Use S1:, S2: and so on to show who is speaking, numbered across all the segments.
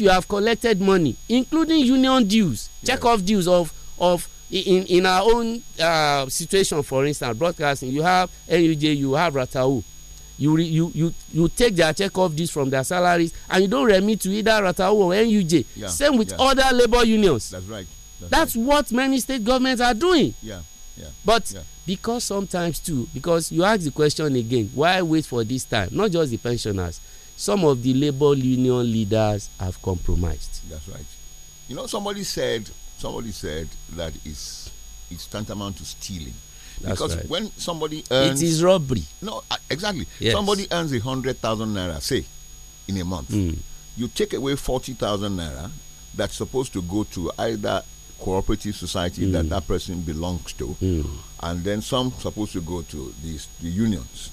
S1: you have collected money including union dues check off dues of of in in our own uh, situation for instance broadcasting you have nuj you have ratau you you you you take their check off dues from their salaries and you don't remit to either ratau or nuj yeah. same with yeah. other labour unions that's right that's, that's right. what many state governments are doing yeah yeah but because sometimes too because you ask the question again why wait for this time not just the pensioners some of the labor union leaders have compromised.
S2: That's right. You know, somebody said somebody said that it's it's tantamount to stealing. That's because right. when somebody earns, it is robbery. No, uh, exactly. Yes. Somebody earns a hundred thousand naira, say, in a month. Mm. You take away forty thousand naira that's supposed to go to either cooperative society mm. that hmm. that person belongs to, mm. and then some supposed to go to these the unions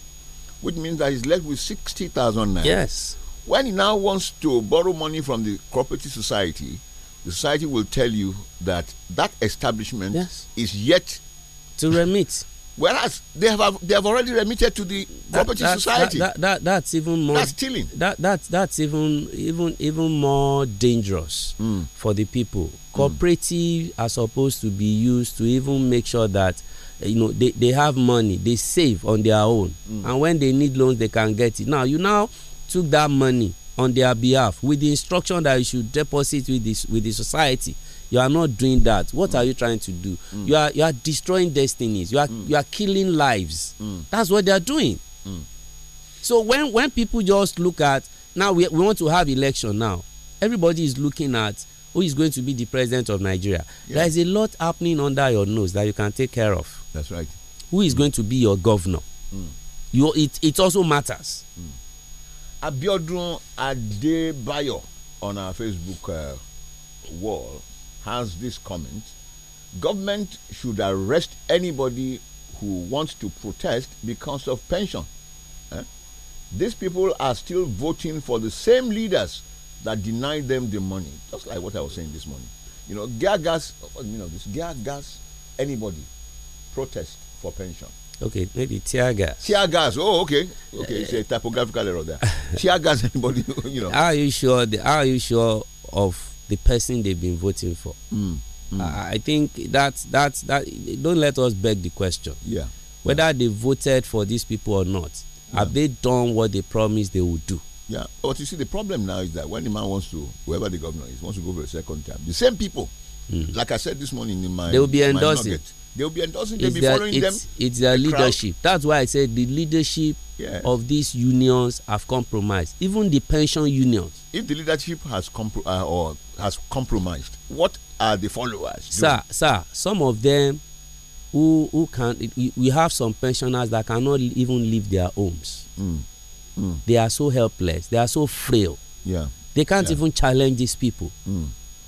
S2: which means that he's left with 60,000 naira. Yes. When he now wants to borrow money from the property society, the society will tell you that that establishment yes. is
S1: yet to
S2: remit. Whereas they have they have already remitted to the that, property
S1: that, society. That, that, that's even more that's stealing. That that that's even even even more dangerous mm. for the people. Hmm. Cooperative mm. are supposed to be used to even make sure that Eh, you know they, they have money they save on their own mm. and when they need loans they can get it now you now took that money on their behalf with the instruction that you should deposit with this with the society you are not doing that what mm. are you trying to do mm. you are you are destroying destinies you are mm. you are killing lives mm. that's what they are doing mm. so when when people just look at now we, we want to have election now everybody is looking at who is going to be the president of nigeria yeah. there is a lot happening under your nose that you can take care of that's right. Who is mm. going to be your governor? Mm. You, it, it also matters. Mm. Abiodun Adebayo on our
S2: Facebook uh, wall has this comment Government should arrest anybody who wants to protest because of pension. Eh? These people are still voting for the same leaders that denied them the money. Just like what I was saying this morning. You know, gas, you know, this gas, anybody protest for pension.
S1: Okay, maybe tear gas. Tear
S2: gas. Oh, okay. Okay, it's a typographical error there. tear gas. Anybody, you know. How
S1: are you sure? The, how are you sure of the person they've been voting for? Mm, mm. Uh, I think that that that. Don't let us beg the question. Yeah. Whether yeah. they voted for these people or not, yeah. have they done what they promised they would do?
S2: Yeah. But you see, the problem now is that when the man wants to, whoever the governor is, wants to go for a second term, the same people, mm. like I said this morning in my, they will be endorsing. Nugget, They'll be endorsing. be following it's, them. It's their the leadership.
S1: Crowd. That's why I said the leadership of these unions have compromised. Even the pension unions. If the leadership has compro uh, or has compromised, what are the followers? Sir, doing? sir, some of them who who can we have some pensioners that cannot even leave their homes. Mm. Mm. They are so helpless. They are so frail. Yeah. They can't yeah. even challenge these people. Mm.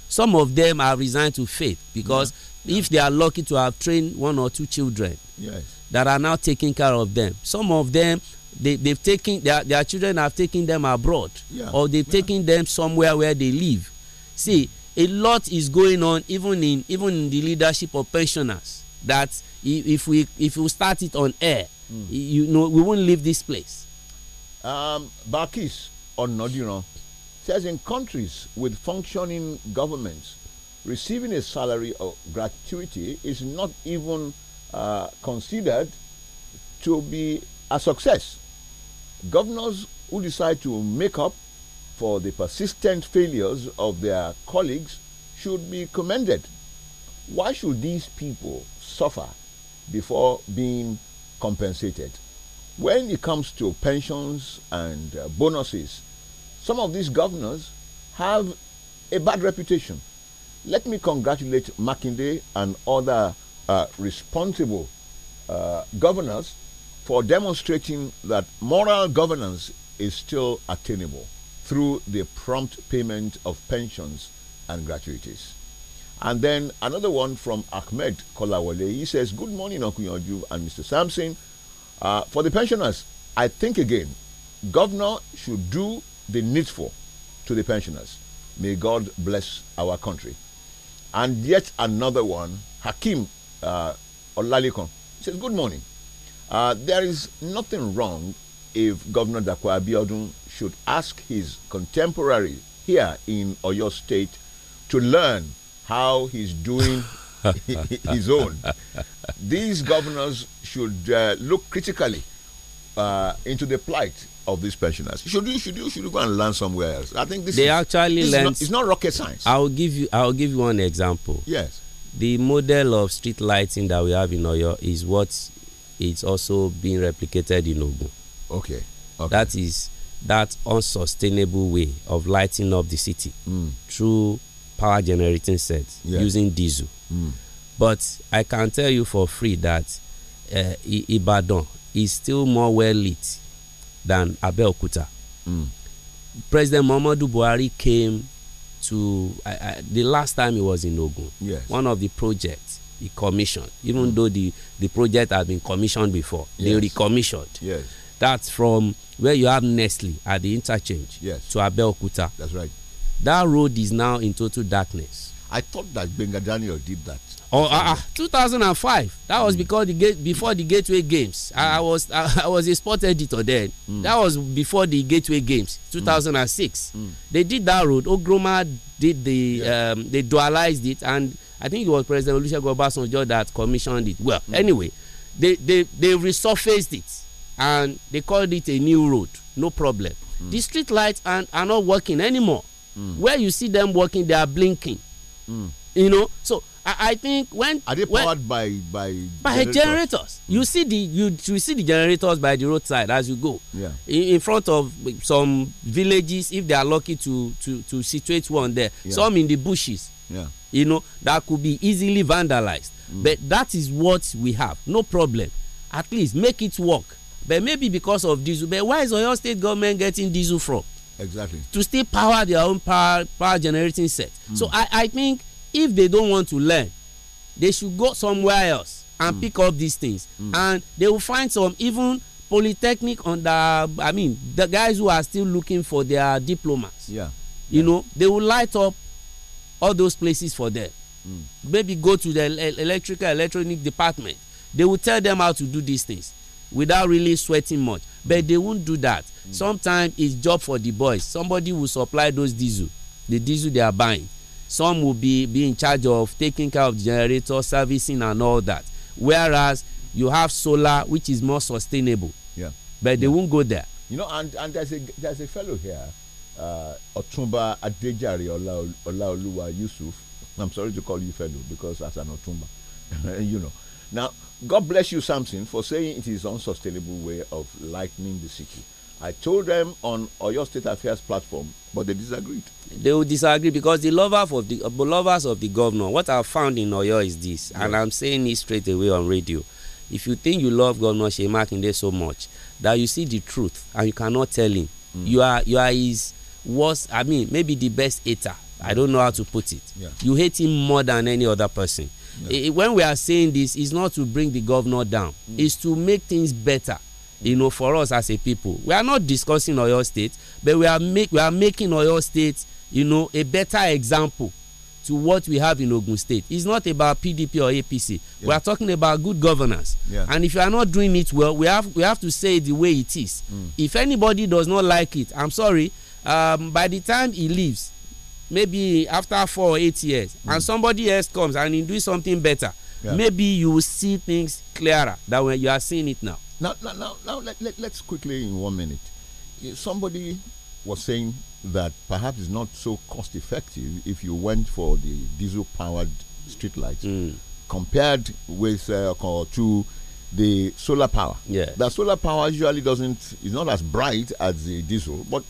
S1: Some of them are resigned to faith because yeah if they are lucky to have trained one or two children yes. that are now taking care of them some of them they, they've taken their, their children have taken them abroad yeah. or they've yeah. taken them somewhere where they live see a lot is going on even in even in the leadership of pensioners that if we if we start it on air mm. you know we won't leave this place um bakis know, says in countries with
S2: functioning governments receiving a salary or gratuity is not even uh, considered to be a success. Governors who decide to make up for the persistent failures of their colleagues should be commended. Why should these people suffer before being compensated? When it comes to pensions and uh, bonuses, some of these governors have a bad reputation let me congratulate Mackinde and other uh, responsible uh, governors for demonstrating that moral governance is still attainable through the prompt payment of pensions and gratuities. And then another one from Ahmed Kolawole. He says, Good morning, Okunyonju and Mr. Sampson. Uh, for the pensioners, I think again, governor should do the needful to the pensioners. May God bless our country. And yet another one, Hakim uh, Olalikon, says, Good morning. Uh, there is nothing wrong if Governor Dakwa Abiodun should ask his contemporary here in Oyo State to learn how he's doing
S3: his own.
S2: These governors should uh, look critically uh, into the
S1: plight of these pensioners. Should
S2: you should you should you
S1: go and learn somewhere else? I think this they is, actually this learn. It's not
S2: rocket science. I'll
S1: give you I'll give you one example. Yes. The model of street lighting that we have in Oyo is what it's also being replicated in Ogun. Okay. okay. That is that unsustainable way of lighting up the city mm. through power generating sets yeah. using diesel. Mm. But I can tell you for free that uh, Ibadan is still more well lit than Abeokuta. Mm. President Muhammadu Buhari came to I, I, the last time he was in Ogun. Yes. One of the projects he commissioned, even mm. though the the project had been commissioned before, yes. they recommissioned. Yes. That's from where you have Nestle at the interchange yes. to Abeokuta. That's right. That road is now in total darkness. I thought that Benga Daniel did that. or uh, ah, ah. 2005 that was mm. because the gate before the gateway games mm. I, hmm. was I, I, was a sport editor then mm. that was before the gateway games hmm. 2006 hmm. they did that road ogroma did the yeah. um, they dualized it and i think it was president olusegun obasanjo that commissioned it well anyway they they they resurfaced it and they called it a new road no problem the street lights are, are not working anymore where you see them working they are blinking you know so I, think when are they powered when, by by by generators? generators. Mm. You see the you you see the generators by the roadside as you go. Yeah. In, in front of some villages, if they are lucky to to to situate one there, yeah. some in the bushes. Yeah. You know that could be easily vandalized. Mm. But that is what we have. No problem. At least make it work. But maybe because of diesel. But why is Oyo State government getting diesel from? Exactly. To still power their own power power generating set. Mm. So I I think if they don't want to learn they should go somewhere else and mm. pick up these things mm. and they will find some even polytechnic under i mean the guys who are still looking for their diplomas yeah you know they will light up all those places for them mm. maybe go to the electrical electronic department they will tell them how to do these things without really sweating much but hmm. they won't do that hmm. sometimes it's job for the boys somebody will supply those diesel the diesel they are buying some will be be in charge of taking care of generators, generator servicing and all that whereas you have solar which is more sustainable yeah but they yeah. won't go there
S2: you know and and there's a there's a fellow here uh, otumba adejari Ola, olaoluwa yusuf i'm sorry to call you fellow because as an otumba you know now god bless you samson for saying it is unsustainable way of lightening the city i told them on oyo state affairs platform but they disagreed
S1: they will disagree because the lovers of the, the uh, lovers of the governor what i found in oyo is this yeah. and i'm saying it straight away on radio if you think you love governor shey makinde so much that you see the truth and you cannot tell him mm. you are you are his worst i mean maybe the best hater i don't know how to put it yeah. you hate him more than any other person yeah. it, when we are saying this it's not to bring the governor down mm. it's to make things better you know for us as a people we are not discussing oyo state but we are make we are making oyo state you know a better example to what we have in Ogun State. It's not about PDP or APC. Yeah. We are talking about good governance. Yeah. And if you are not doing it well, we have we have to say the way it is. Mm. If anybody does not like it, I'm sorry. Um, by the time he leaves, maybe after four or eight years, mm. and somebody else comes and he do something better, yeah. maybe you will see things clearer than when you are seeing it now.
S2: Now, now, now, now let, let, let's quickly in one minute. If somebody was saying that perhaps it's not so cost effective if you went for the diesel powered streetlights mm. compared with uh, to the solar power. Yeah. The solar power usually doesn't is not as bright as the diesel, but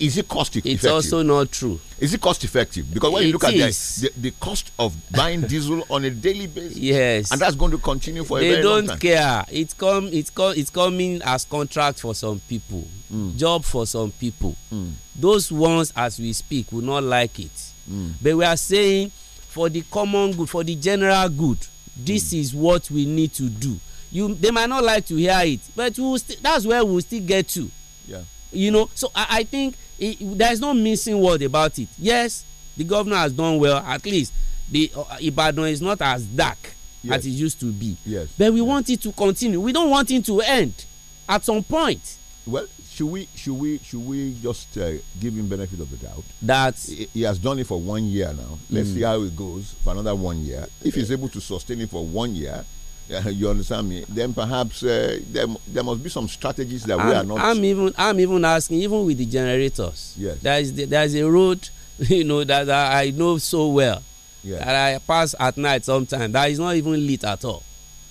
S2: is it cost effective? It's also not true. Is it cost effective?
S1: Because when it you look is.
S2: at the, the, the cost of buying diesel on a daily basis, yes, and that's going to continue for they a very long time. They don't
S1: care. It's come. It's come. It's coming as contract for some people, mm. job for some people. Mm. Those ones, as we speak, will not like it. Mm. But we are saying, for the common good, for the general good, this hmm. is what we need to do you they might not like to hear it but we'll that's where we'll still get to yeah you know so i, I think it, there's no missing word about it yes the governor has done well at least the uh, ibadan is not as dark yes. as it used to be yes but we yes. want it to continue we don't want it to end at some point well
S2: should we should we should we just uh, give him benefit of the doubt that he, he, has done it for one year now let's mm. see how it goes for another one year if he's able to sustain it for one year uh, you understand me? Then perhaps uh, there, there must be some strategies that I'm, we are not. I'm
S1: even I'm even asking even with the generators. Yes. There is the, there is a road you know that I know so well. Yes. That I pass at night sometimes. That is not even lit at all.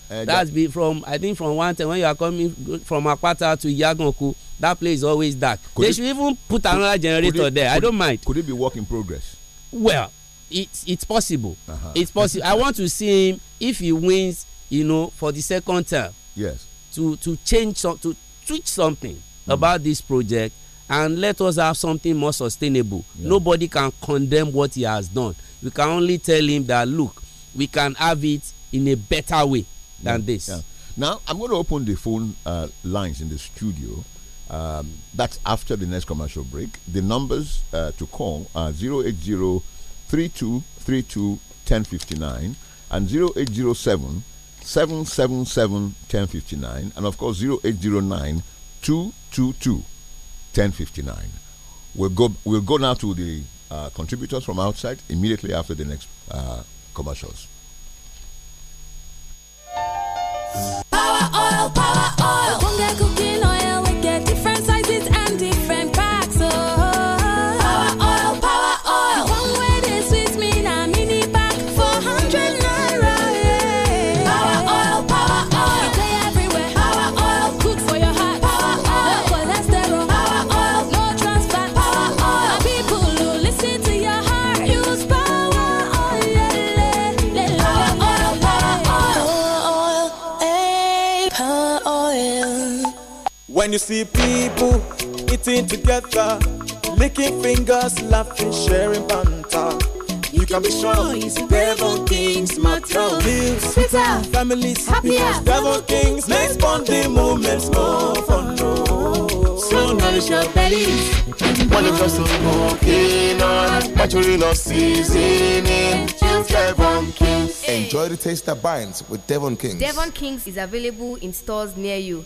S1: Uh, That's that, be from I think from one time when you are coming from Akwata to Yagonku, that place is always dark. They it, should even put could, another generator it, there. I don't mind. Could it be work in progress? Well, it's it's possible. Uh -huh. It's possible. I want to see him if he wins you know, for the second term. Yes. To to change some to tweak something mm. about this project and let us have something more sustainable. Yeah. Nobody can condemn what he has done. We can only tell him that look, we can have it in a better way than yeah. this. Yeah.
S2: Now I'm going to open the phone uh, lines in the studio. Um, that's after the next commercial break. The numbers uh, to call are 080 3232 1059 and 0807 777 1059 and of course 0809 222 1059. We'll go, we'll go now to the uh, contributors from outside immediately after the next uh, commercials.
S4: Power oil, power
S5: see people eating together, licking fingers, laughing, sharing banter. You, can, be sure it's devil kings, matter lives, sweeter,
S6: families, happier, devil kings, makes bonding moments more fun. Oh, so nourish your bellies. When it comes to smoking on, But naturally not seasoning,
S7: choose Devon Kings. Enjoy the taste that binds with Devon Kings. Devon
S8: Kings is available in stores near you.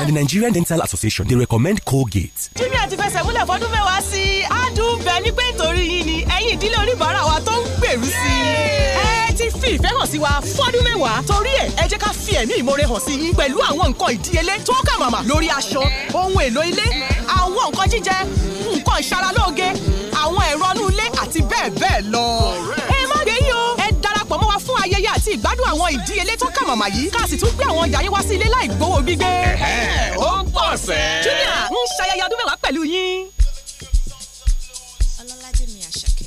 S6: na the nigerian dental association dey recommend colgate.
S8: jimmy àti fẹsẹ̀ múlẹ̀ fọdún mẹ́wàá sí i á dùn bẹ́ẹ̀ ni pé nítorí yìí ni ẹ̀yin ìdílé oníbàárà wa tó ń gbèrú sí i.
S9: ti fi ìfẹ́ sí wa fọdún mẹ́wàá torí ẹ̀ ẹ jẹ́ ká fi ẹ̀mí ìmoore hàn sí yín pẹ̀lú àwọn nǹkan ìdíyelé tó kà màmà lórí aṣọ ohun èlò ilé àwọn nǹkan jíjẹ nǹkan ìṣaralóge àwọn ẹ̀rọ inú àti ìgbádùn àwọn ìdíyelé tó kà màmá yìí ká sì tún gbé àwọn ọjà yín wá sí ilé láì gbowó gbígbé.
S3: ó ń pọ̀ sẹ́ẹ̀. junior ń ṣayẹyẹ ọdún
S8: mẹ́wàá pẹ̀lú yín.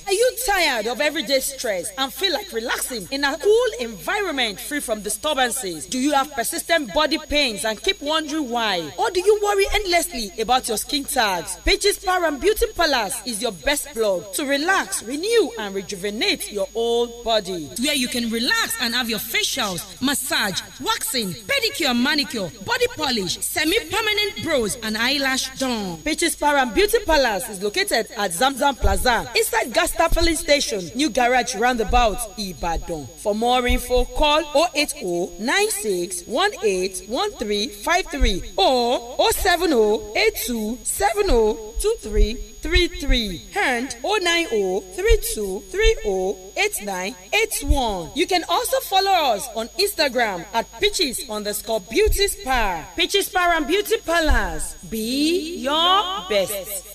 S8: Are you tired of everyday stress and feel like relaxing in a cool environment free from disturbances? Do you have persistent body pains and keep wondering why? Or do you worry endlessly about your skin tags? Pages Power and Beauty Palace is your best blog to relax, renew, and rejuvenate your old body. Where you can relax and have your facials, massage, waxing, pedicure, manicure, body polish, semi permanent brows, and eyelash done. Pages Power and Beauty Palace is located at Zamzam Plaza inside Gas Esther Police Station, New Garage Roundabout, Ibadan. For more info, call 080 96 or 070 82 and 090 nine You can also follow us on Instagram at pitches underscore Beauty Spa. pitches Spa and Beauty Palace. Be your best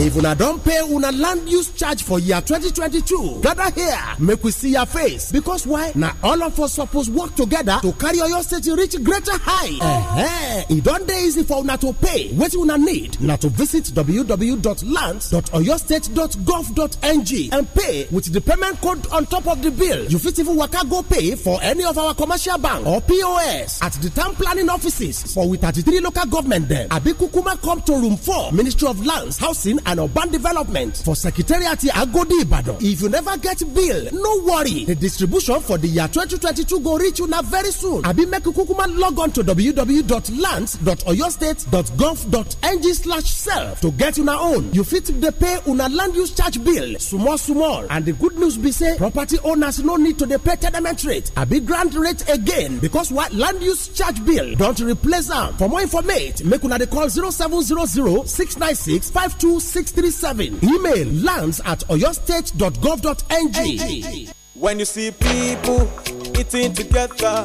S6: if una don't pay una land use charge for year 2022 gather here make we see your face because why Now all of us suppose work together to carry oyo state reach greater height eh eh It don't day easy for una to pay wetin una need Now to visit www.lands.oyostate.gov.ng and pay with the payment code on top of the bill you fit even waka go pay for any of our commercial bank or pos at the town planning offices for with 33 local government dem abi kukuma come to room 4 ministry of lands housing and urban development for secretariat agodi ibadan if you never get bill no worry the distribution for the year 2022 go reach you na very soon abi make you kukuma log on to www.lands.oyostate.gov.ng slash self to get una own you fit dey pay una land use charge bill small small and the good news be say property owners no need to dey pay tenement rate abi grant rate again because while land use charge bill don't replace am for more information make una dey call 0700 696 526 six three seven email lands at oyostate.gov.ng. When you see people eating together,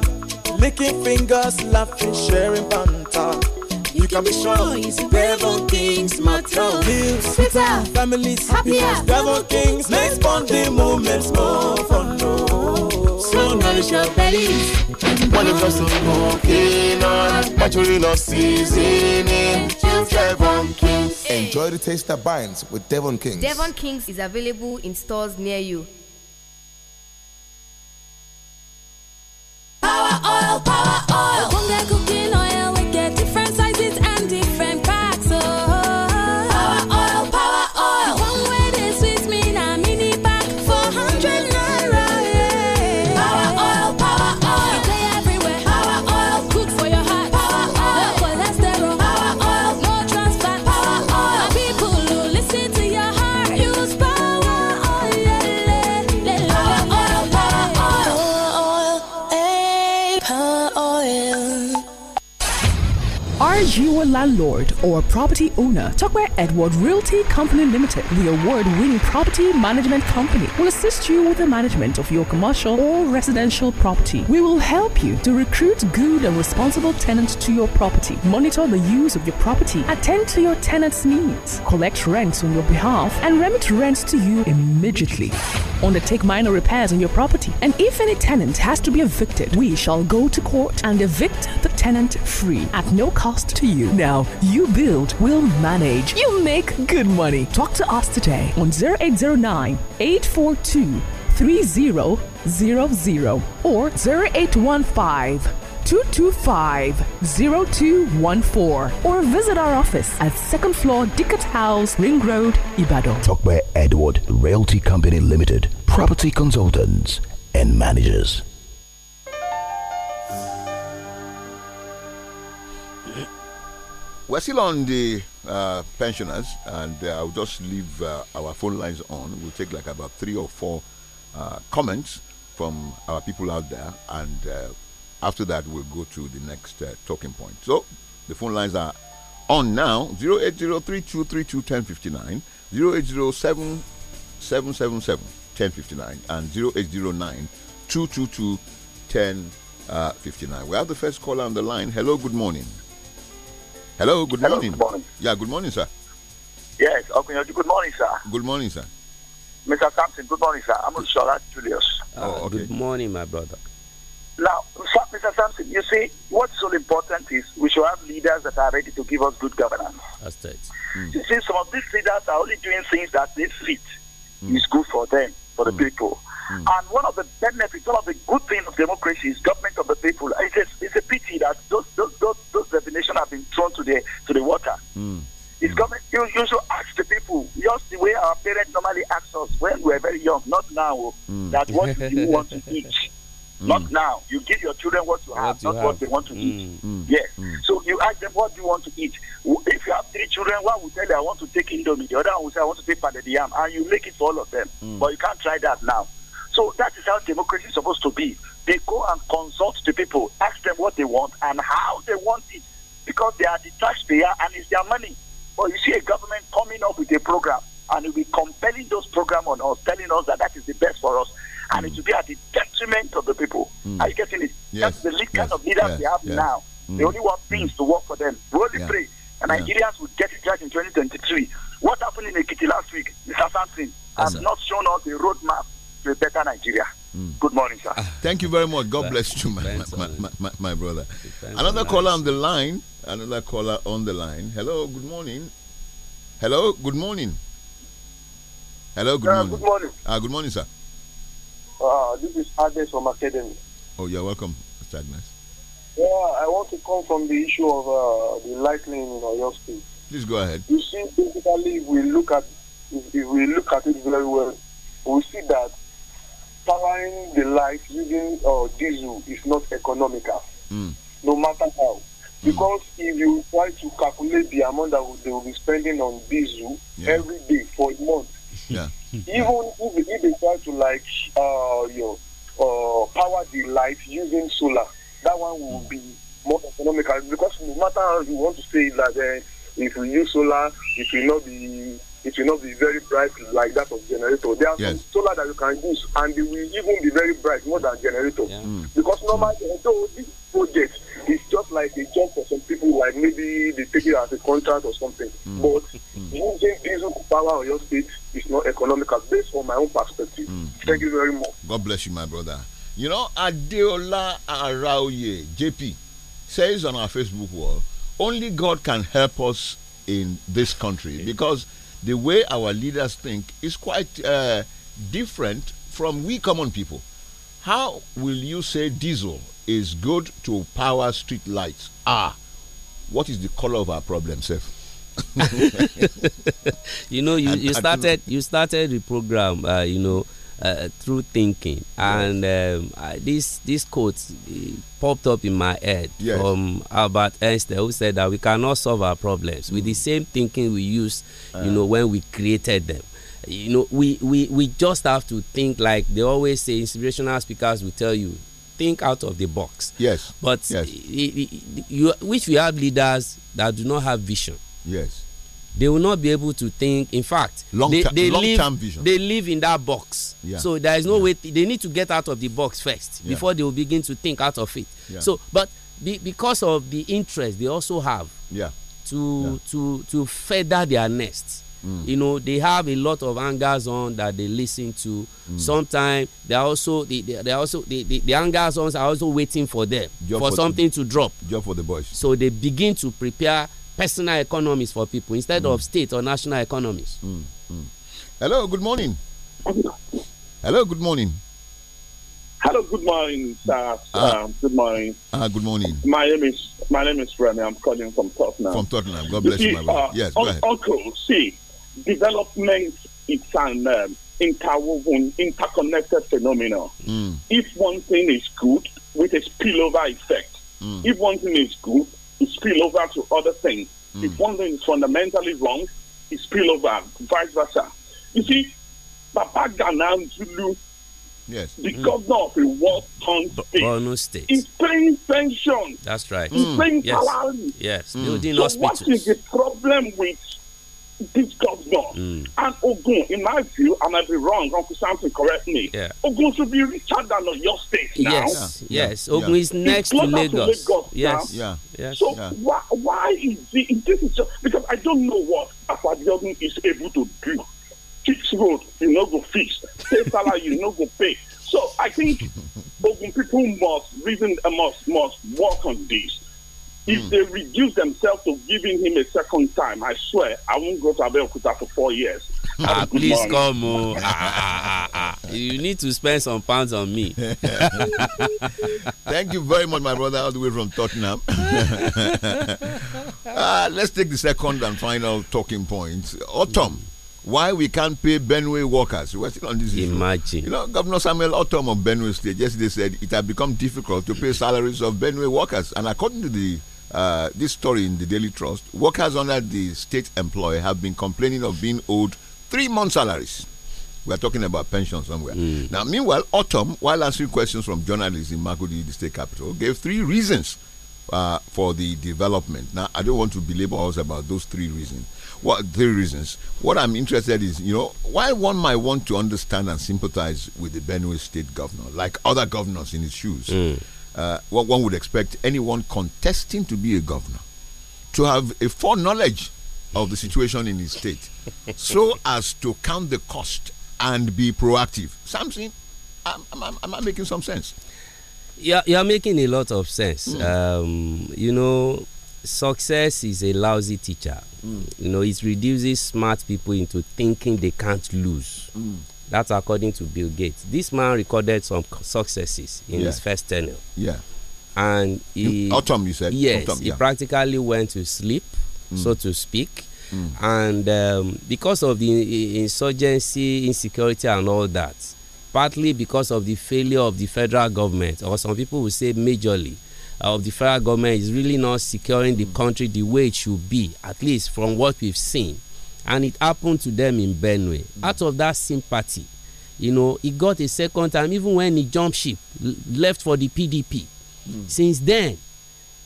S6: licking fingers, laughing,
S5: sharing banter. You, you can be sure it's Devon Kings matter. Live sweeter, families happier. Devon Kings makes bonding moments more fun. No. Oh.
S6: nourish your bellies. When cooking
S7: on, love seasoning. Devon Kings. Enjoy the taste that binds with Devon Kings. Devon
S1: Kings is available in stores near you.
S4: Power oil, power oil.
S9: landlord or property owner, Tuckware Edward Realty Company Limited, the award winning property management company, will assist you with the management of your commercial or residential property. We will help you to recruit good and responsible tenants to your property, monitor the use of your property, attend to your tenants' needs, collect rents on your behalf, and remit rents to you immediately undertake minor repairs on your property. And if any tenant has to be evicted, we shall go to court and evict the tenant free at no cost to you. Now, you build, we'll manage. You make good money. Talk to us today on 0809 842 3000 or 0815 225-0214 or visit our office at second floor Dickett House, Ring Road, Ibadan. Talk by Edward
S10: Realty Company
S9: Limited property consultants,
S2: and
S5: managers.
S2: We're still on the uh, pensioners, and uh, I'll just leave uh, our phone lines on. We'll take like about three or four uh, comments from our people out there, and uh, after that, we'll go to the next uh, talking point. So, the phone lines are on now 080 1059, 7777. 1059 and 0809 222 uh, We have the first caller on the line. Hello, good morning. Hello, good Hello, morning. Good morning. Yeah, good morning, sir.
S11: Yes, okay. good morning, sir. Good morning, sir. Mr. Thompson, good morning, sir. I'm Ushola Julius.
S1: Oh, uh, okay. Good morning, my brother.
S11: Now, Mr. Thompson, you see, what's so important is we should have leaders that are ready to give us good governance. That's it. Mm. You see, some of these leaders are only doing things that they fit mm. is good for them for the hmm. people. Hmm. And one of the benefits, one of the good things of democracy is government of the people. It's a, it's a pity that those, those, those, those definitions have been thrown to the, to the water. Hmm. It's government, you, you should ask the people, just the way our parents normally ask us when we were very young, not now, oh, that what do you want to eat? Mm. Not now. You give your children what you have, what you not have. what they want to mm. eat. Mm. mm. Yes. Mm. So you ask them, what do you want to eat? If you have three children, one will tell you, I want to take Indomie. The other one will say, I want to take pounded yam. And you make it for all of them. Mm. But you can't try that now. So that is how democracy is supposed to be. They go and consult the people, ask them what they want and how they want it. Because they are the taxpayer and it's their money. But you see a government coming up with a program and it will be compelling those programs on us, telling us that that is the best for us and it will be at the detriment of the people. Hmm. Are you getting it? Yes. That's the yes. kind of leaders yes. they have yes. now. Hmm. They only want things to work for them. We only pray. And Nigerians will get it right in 2023. What happened in Ekiti last week, Mr. Sampson, has yes, not shown us the roadmap to a better Nigeria.
S2: Mm. Good morning, sir. Ah, thank you very much. God bless you, my, my, my, my, my brother. Another caller on the line. Another caller on the line. Hello, good morning. Hello, good morning. Hello, good morning. Good morning. Ah, good morning, sir.
S11: Uh, this is Ades from Academy.
S2: Oh, you're welcome, Mr. Agnes.
S11: Yeah, I want to come from the issue of uh, the lightning in Oyo State. Please go ahead. You see, basically, if we look at if, if we look at it very well, we see that powering the light using uh, diesel is not economical, mm. no matter how. Mm. Because if you try to calculate the amount that they will be spending on diesel yeah. every day for a month, yeah. Even if, if they try to like uh, you know, uh, power the light using solar, that one will mm. be more economical because no matter how you want to say that uh, if you use solar, it will not be it will not be very bright like that of generator. There are yes. some solar that you can use and they will even be very bright more than generator. Yeah. Mm. Because normally hmm. though this project it's just like a job for some people, like maybe they take it as a contract or something. Mm. But mm. using diesel
S2: power on your state is not economical, based on my own perspective. Mm. Thank you very much. God bless you, my brother. You know, Adeola Arauye, JP, says on our Facebook wall, only God can help us in this country because the way our leaders think is quite uh, different from we common people. How will you say diesel is good to power street lights. Ah,
S1: what is the color of our problem, sir? you know, you, you started you started the program, uh, you know, uh, through thinking, and um, I, this this quote popped up in my head yes. from Albert Einstein, who said that we cannot solve our problems mm. with the mm. same thinking we use. you uh. know, when we created them you know we we we just have to think like they always say inspirational speakers will tell you think out of the box. Yes. But yes. You, which we have leaders that do not have vision. Yes. They will not be able to think. In fact, long they, they long live, term vision. They live in that box. Yeah. So there is no yeah. way they need to get out of the box first yeah. before they will begin to think out of it. Yeah. So, but be, because of the interest they also have. Yeah. To to to feather their nests. You know, they have a lot of hangers on that they listen to. Mm. Sometimes they are also they, they, also they, they, the hangers ons are also waiting for them job for, something to drop. Job for the boys. So they begin to prepare personal economies for people instead mm. of state or national economies. Mm, mm. Hello, good morning. Hello, good morning.
S2: Hello, good morning, sir. Ah. Um, good morning. Ah, good morning. My name is my name
S11: is Remy. I'm calling from Tottenham. From Tottenham. God bless you, see, you my brother. Uh, yes, go ahead. Uncle, see, development is an um, interwoven, interconnected phenomenon. Mm. If one thing is good, with a spillover effect. Mm. If one thing is good, it spill over to other things. Mm. If one thing is fundamentally wrong, it spill over, vice versa. You see, Papa Ganan Zulu,
S2: yes. the mm. governor
S11: of a war torn state, Borno state, is paying pension.
S1: That's right. He's mm. paying yes. salary.
S3: Yes, hmm. building so hospitals. What is
S11: the problem with this God's mm. and Ogun, in my view, I might be wrong, Uncle Samson, correct me. Yeah. Ogun should be richer than your state now. Yes,
S3: yeah. yes. Yeah. Ogun is next to Lagos. to Lagos. Yes, now. yeah. Yes. So yeah.
S11: why why is it, this is just, because I don't know what Afadiodun is able to do. Fix road, you know go fix. Pay salary, you know go pay. So I think Ogun people must reason uh, must must work on this if mm. they reduce themselves to giving him a second time, I swear I won't go to Kuta for four years. ah, please morning. come,
S1: oh. Ah, ah, ah, you need to spend some pounds on me. Thank you very much, my brother, all the way from Tottenham.
S2: uh, let's take the second and final talking point. Autumn oh, why we can't pay Benue workers. We're still on this issue. Imagine. You know, Governor Samuel Otom of Benue State yesterday said it had become difficult to pay salaries of Benue workers. And according to the uh, this story in the Daily Trust, workers under the state employer have been complaining of being owed three months' salaries. We're talking about pension somewhere. Mm. Now, meanwhile, Autumn, while answering questions from journalists in Makudi, the state capital, gave three reasons uh, for the development. Now, I don't want to belabor us about those three reasons. What three reasons? What I'm interested in is, you know, why one might want to understand and sympathize with the Benue state governor, like other governors in his shoes. Mm. Uh, what one would expect anyone contesting to be a governor to have a foreknowledge of the situation in his state, so as to count the cost
S1: and be proactive.
S2: Something, am, am, am I making some sense?
S1: Yeah, you're making a lot of sense. Mm. Um, you know, success is a lousy teacher. Mm. You know, it reduces smart people into thinking they can't lose. Mm. That's according to Bill Gates. This man recorded some successes in yeah. his first tenure. Yeah. And he. Autumn, oh, you said? Oh, yes. Autumn, yeah. He practically went to sleep, mm. so to speak. Mm. And um, because of the insurgency, insecurity, and all that, partly because of the failure of the federal government, or some people will say majorly, Uh, of the federal government is really not securing the country the way it should be, at least from what we've seen. And it happened to them in Benue. Out of that sympathy, you know, he got a second time, even when he jumped ship, left for the PDP. Mm. Since then,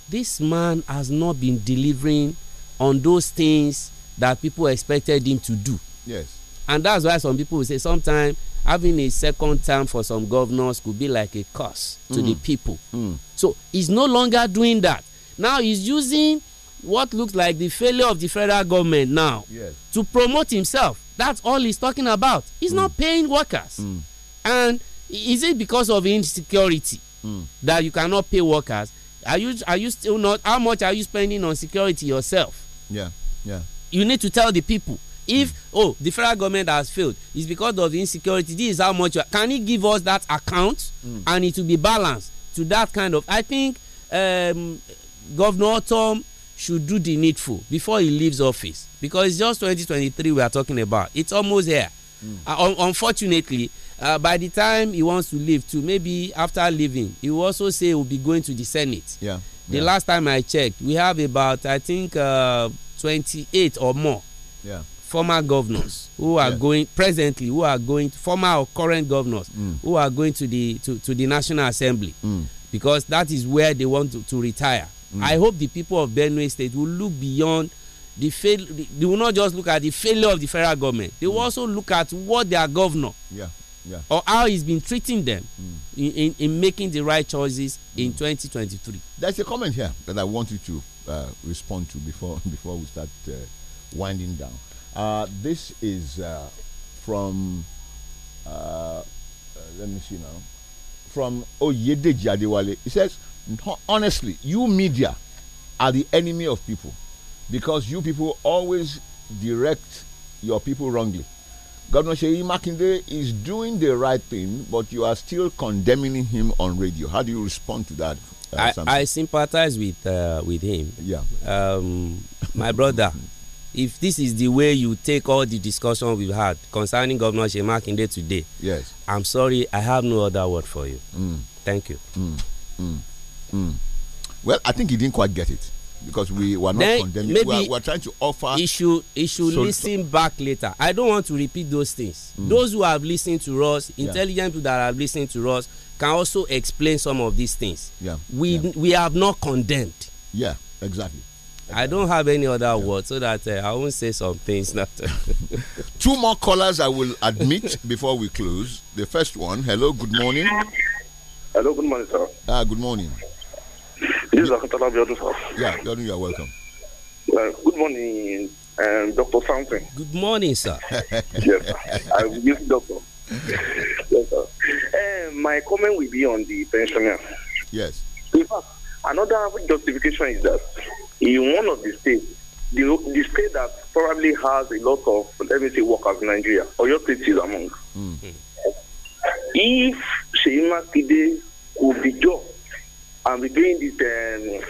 S1: this man has not been delivering on those things that people expected him to do. Yes. and that's why some people say sometimes having a second term for some governors could be like a curse to mm. the hmm. people mm. so he's no longer doing that now he's using what looks like the failure of the federal government now yes. to promote himself that's all he's talking about he's mm. not hmm. paying workers hmm. and is it because of insecurity that you cannot pay workers are you are you still not how much are you spending on security yourself yeah yeah you need to tell the people if oh the federal government has failed it's because of insecurity this is how much can he give us that account mm. and it will be balanced to that kind of i think um, governor tom should do the needful before he leaves office because it's just 2023 we are talking about it's almost here mm. uh, unfortunately uh, by the time he wants to leave too maybe after leaving he will also say he will be going to the senate yeah the yeah. last time i checked we have about i think uh, 28 or more yeah former governors who are yeah. going presently who are going former or current governors mm. who are going to the to, to the national assembly mm. because that is where they want to, to retire mm. i hope the people of benue state will look beyond the fail they will not just look at the failure of the federal government they will mm. also look at what their governor
S3: yeah. Yeah.
S1: or how he's been treating them mm. in, in, in, making the right choices in mm. 2023 there's a comment here that i want you to
S2: uh, respond to before before we start uh, winding down uh, this is uh, from, uh, uh, let me see now, from Oyedeji Adewale. He says, honestly, you media are the enemy of people because you people always direct your people wrongly. Governor Sheyi Makinde is doing the right thing, but you are still condemning
S1: him on radio. How do you respond to that? Uh, I, I, sympathize with uh, with him. Yeah. Um, my brother, if this is the way you take all the discussion we've had concerning governor shemakinde today yes i'm sorry i have no other word for you mm. thank you
S3: mm. Mm. mm.
S1: well i think he didn't quite get it
S2: because we were not then condemning maybe we are, we are
S1: trying to offer it should we should so listen back later i don't want to repeat those things mm. those who have listened to us intelligent yeah. people that have listened to us can also explain some of these things yeah we yeah. we have not condemned yeah exactly I don't have any other word so that uh, I won't say some things. Not Two more callers I will admit before we close. The first one, hello, good morning.
S2: Hello, good morning, sir. Ah, good morning. This is Akintola Biodun, sir. Yeah, Biodun, you are welcome.
S11: Uh, good morning, um, Dr. Something.
S2: Good
S1: morning, sir.
S11: yes, sir. I will use doctor. yes, sir. Eh, my comment will be on the pensioner. Yes. In fact, another justification is that in one of the states, the, the state that probably has a lot of, let me say, workers in Nigeria, or your state is among. Mm. If Sheima Kide could be job and be doing this, um,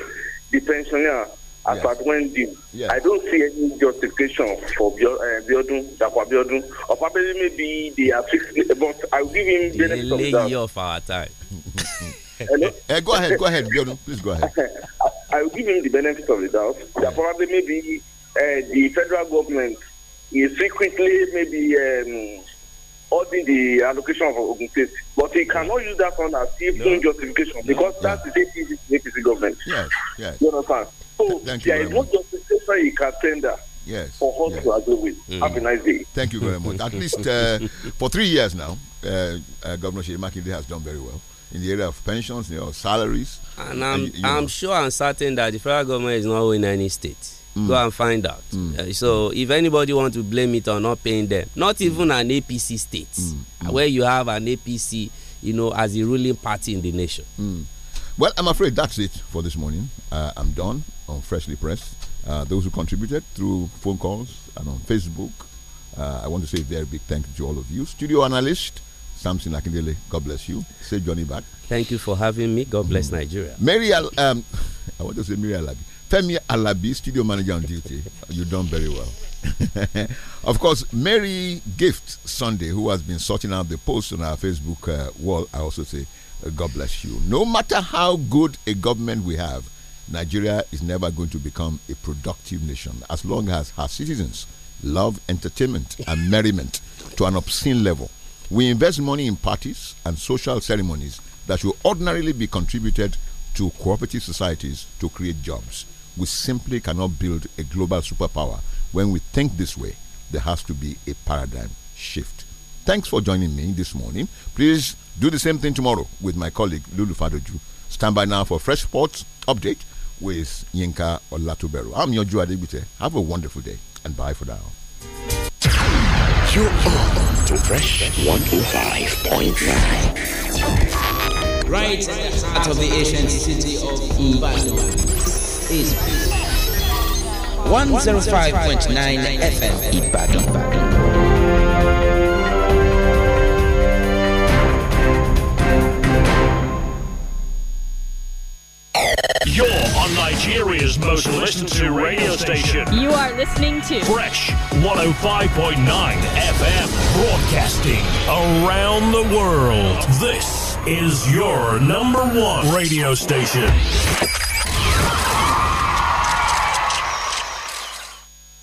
S11: the pensioner as yes. at when due, yes. I don't see any justification for Bio, uh, Biodun, Dakwa Biodun, or probably maybe they are but I'll give him benefit of that.
S1: of our time.
S11: uh,
S2: go ahead, go ahead, Biodun, please go ahead.
S11: I will give him the benefit of the doubt that probably maybe uh, the federal government is secretly maybe um, ordering the allocation of Ogun State, but he cannot use that one as if no. justification because no. that's yeah. the APC government. Yes, yes. You understand? So Thank there is no justification he can tender. Yes. For us yes. to agree with. Mm. Have a nice day. Thank you very
S2: much. At least uh, for three years now, uh, uh, Governor Shea Makinde has done very well
S1: in the area of pensions, in your salaries. And I'm, and you, you I'm sure and certain that the federal government is not owing any state. Mm. Go and find out. Mm. Uh, so mm. if anybody want to blame it on not paying them, not mm. even an APC state mm. Uh, where you have an APC, you know, as the ruling party in the nation. Well, I'm afraid that's it for this morning. Uh, I'm done on
S2: Freshly Pressed. Uh, those who contributed through phone calls and on Facebook, uh, I want to say a very big thank you to all of you. Studio analyst, Samson Akindele, God bless you. Say Johnny back. Thank you for having me. God bless mm. Nigeria. Mary, Al um, I want to say Mary Alabi. Femi Alabi, studio manager on duty. You've done very well. of course, Mary Gift Sunday, who has been sorting out the posts on our Facebook uh, wall, I also say, uh, God bless you. No matter how good a government we have, Nigeria is never going to become a productive nation as long as her citizens love entertainment and merriment to an obscene level. We invest money in parties and social ceremonies that should ordinarily be contributed to cooperative societies to create jobs. We simply cannot build a global superpower. When we think this way, there has to be a paradigm shift. Thanks for joining me this morning. Please do the same thing tomorrow with my colleague Lulu Fadoju. Stand by now for Fresh Sports Update with Yinka Olatubero. I'm your Joe Have a wonderful day and bye for now.
S12: You're on to Fresh 105.9.
S1: Right out of the ancient city of Ibadan is
S9: 105.9 FM Ibadan.
S12: Nigeria's most
S3: listened to radio station.
S12: You are
S4: listening to Fresh
S12: 105.9 FM,
S13: broadcasting around the world. This is your number one radio station.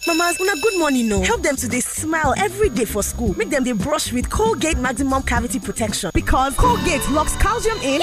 S8: Mamas, una good morning, no. Help them to they smile every day for school. Make them they brush with Colgate Maximum Cavity Protection because Colgate locks calcium
S3: in.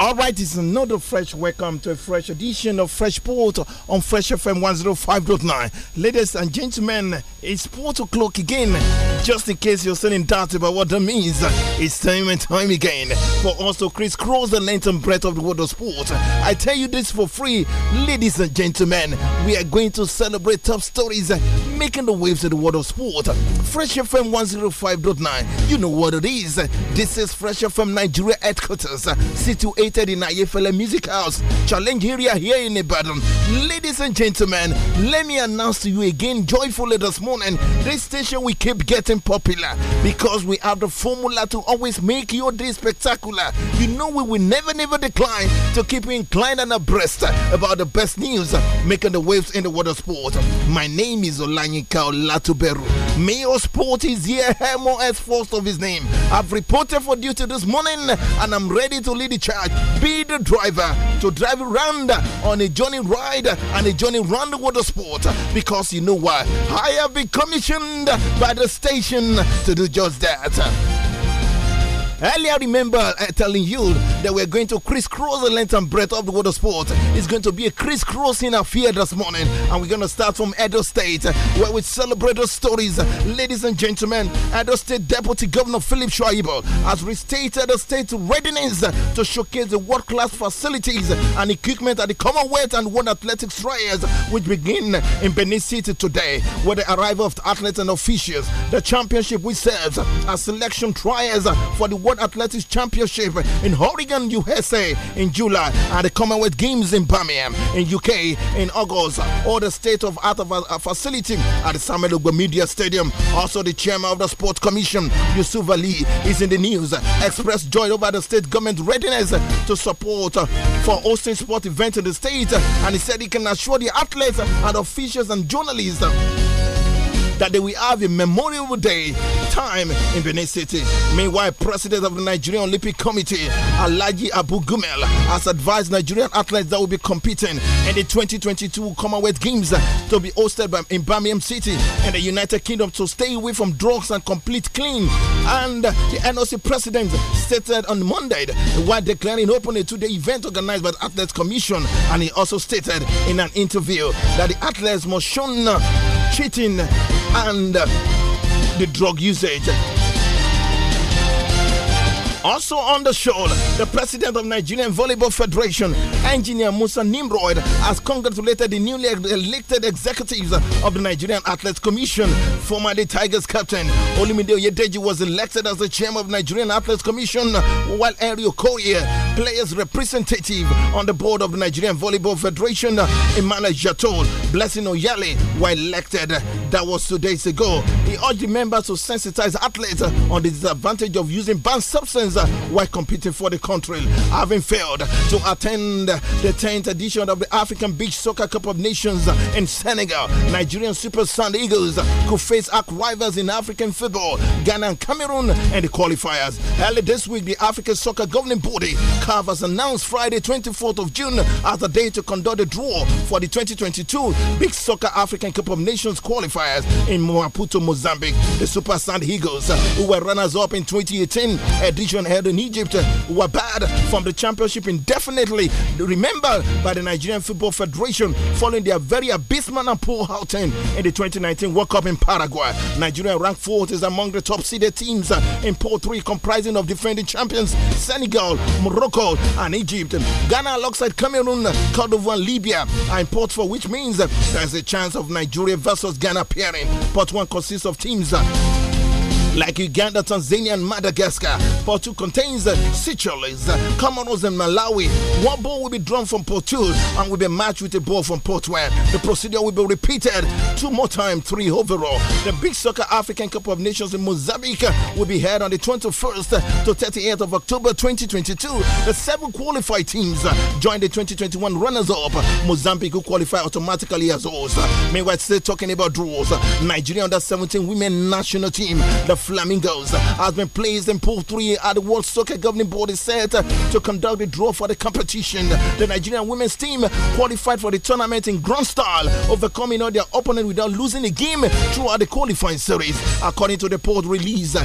S7: All right, it's another fresh welcome to a fresh edition of Fresh Port on Fresh FM 105.9. Ladies and gentlemen, it's 4 o'clock again. Just in case you're still in doubt about what that means, it's time and time again for us to crisscross the length and breadth of the world of sport. I tell you this for free, ladies and gentlemen, we are going to celebrate top stories making the waves in the world of sport. Fresh FM 105.9, you know what it is. This is Fresh FM Nigeria headquarters, situated located in Ayefele Music House, Challenge Area here in Ibadan. Ladies and gentlemen, let me announce to you again joyfully this morning this station we keep getting popular because we have the formula to always make your day spectacular. You know, we will never, never decline to keep you inclined and abreast about the best news making the waves in the water sport. My name is Olanyika Olatuberu. Mayor Sport is here, M O First of his name. I've reported for duty this morning and I'm ready to lead the charge be the driver to drive around on a journey ride and a journey round the water sport because you know why? I have been commissioned by the station to do just that. Earlier, I remember uh, telling you that we're going to crisscross the length and breadth of the world of sport. It's going to be a crisscrossing affair this morning, and we're going to start from Edo State, where we celebrate the stories. Ladies and gentlemen, Edo State Deputy Governor Philip Schwaibo has restated the state's readiness to showcase the world class facilities and equipment at the Commonwealth and World Athletics Trials, which begin in Benin City today, with the arrival of athletes and officials, the championship will serve as selection trials for the World Athletics Championship in Oregon, USA in July, and the Commonwealth Games in Birmingham in UK in August, or the State of Art of a facility at the Samuel Ogba Media Stadium. Also, the chairman of the Sports Commission, Yusuf Ali, is in the news, Express joy over the state government readiness to support uh, for hosting sport events in the state, and he said he can assure the athletes and officials and journalists that they will have a memorable day time in Benin City. Meanwhile, President of the Nigerian Olympic Committee, Alaji Abu Gumel, has advised Nigerian athletes that will be competing in the 2022 Commonwealth Games to be hosted by, in Birmingham City and the United Kingdom to stay away from drugs and complete clean. And the NOC president stated on Monday while declaring open a two-day event organized by the Athletes Commission, and he also stated in an interview that the athletes must shun cheating and the drug usage also on the show, the president of Nigerian Volleyball Federation, engineer Musa Nimroid, has congratulated the newly elected executives of the Nigerian Athletes Commission. Formerly Tigers captain Olumide Oyedeji was elected as the chairman of Nigerian Athletes Commission, while Ario Koye, players representative on the board of the Nigerian Volleyball Federation, Emmanuel Jatol, Blessing Oyale, were elected. That was two days ago. He urged the members to sensitize athletes on the disadvantage of using banned substances why competing for the country, having failed to attend the 10th edition of the African Beach Soccer Cup of Nations in Senegal. Nigerian Super Sun Eagles could face arch rivals in African football, Ghana and Cameroon, and the qualifiers. Early this week, the African Soccer Governing Body, CAF, has announced Friday, 24th of June, as the day to conduct the draw for the 2022 Big Soccer African Cup of Nations qualifiers in Maputo, Mozambique. The Super Sun Eagles, who were runners up in 2018 edition Nigerian held in Egypt were barred from the championship indefinitely. Remember, by the Nigerian Football Federation following their very abysmal and poor outing in the 2019 World Cup in Paraguay. Nigeria ranked fourth is among the top seeded teams in Pool 3, comprising of defending champions Senegal, Morocco, and Egypt. Ghana, alongside Cameroon, Cote Libya, are in Port 4, which means there's a chance of Nigeria versus Ghana pairing. Port 1 consists of teams like Uganda, Tanzania, and Madagascar. Portu contains uh, Seychelles, uh, Comoros, and Malawi. One ball will be drawn from Portu and will be matched with a ball from Portware. The procedure will be repeated two more times, three overall. The Big Soccer African Cup of Nations in Mozambique uh, will be held on the 21st uh, to 38th of October 2022. The seven qualified teams uh, join the 2021 runners up. Mozambique will qualify automatically as hosts. Meanwhile, still talking about draws. Nigeria under 17 women national team. The Flamingos has been placed in Pool 3 at the World Soccer Governing Board is set to conduct the draw for the competition. The Nigerian women's team qualified for the tournament in grand style, overcoming all their opponent without losing a game throughout the qualifying series, according to the port release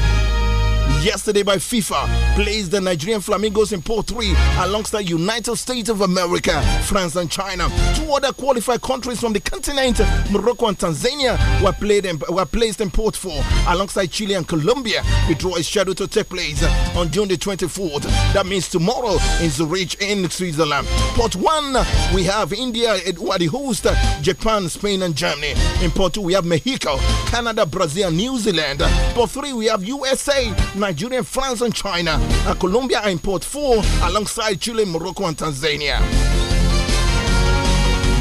S7: yesterday by FIFA placed the Nigerian Flamingos in Port 3 alongside United States of America, France, and China. Two other qualified countries from the continent, Morocco and Tanzania, were, played in, were placed in Port 4 alongside Chile and Colombia. The draw is scheduled to take place on June the 24th. That means tomorrow in Zurich in Switzerland. Port 1, we have India, who are the host, Japan, Spain, and Germany. In Port 2, we have Mexico, Canada, Brazil, New Zealand. Port 3, we have USA, Nigeria. Nigeria, France, and China. and Colombia are in port four alongside Chile, Morocco, and Tanzania.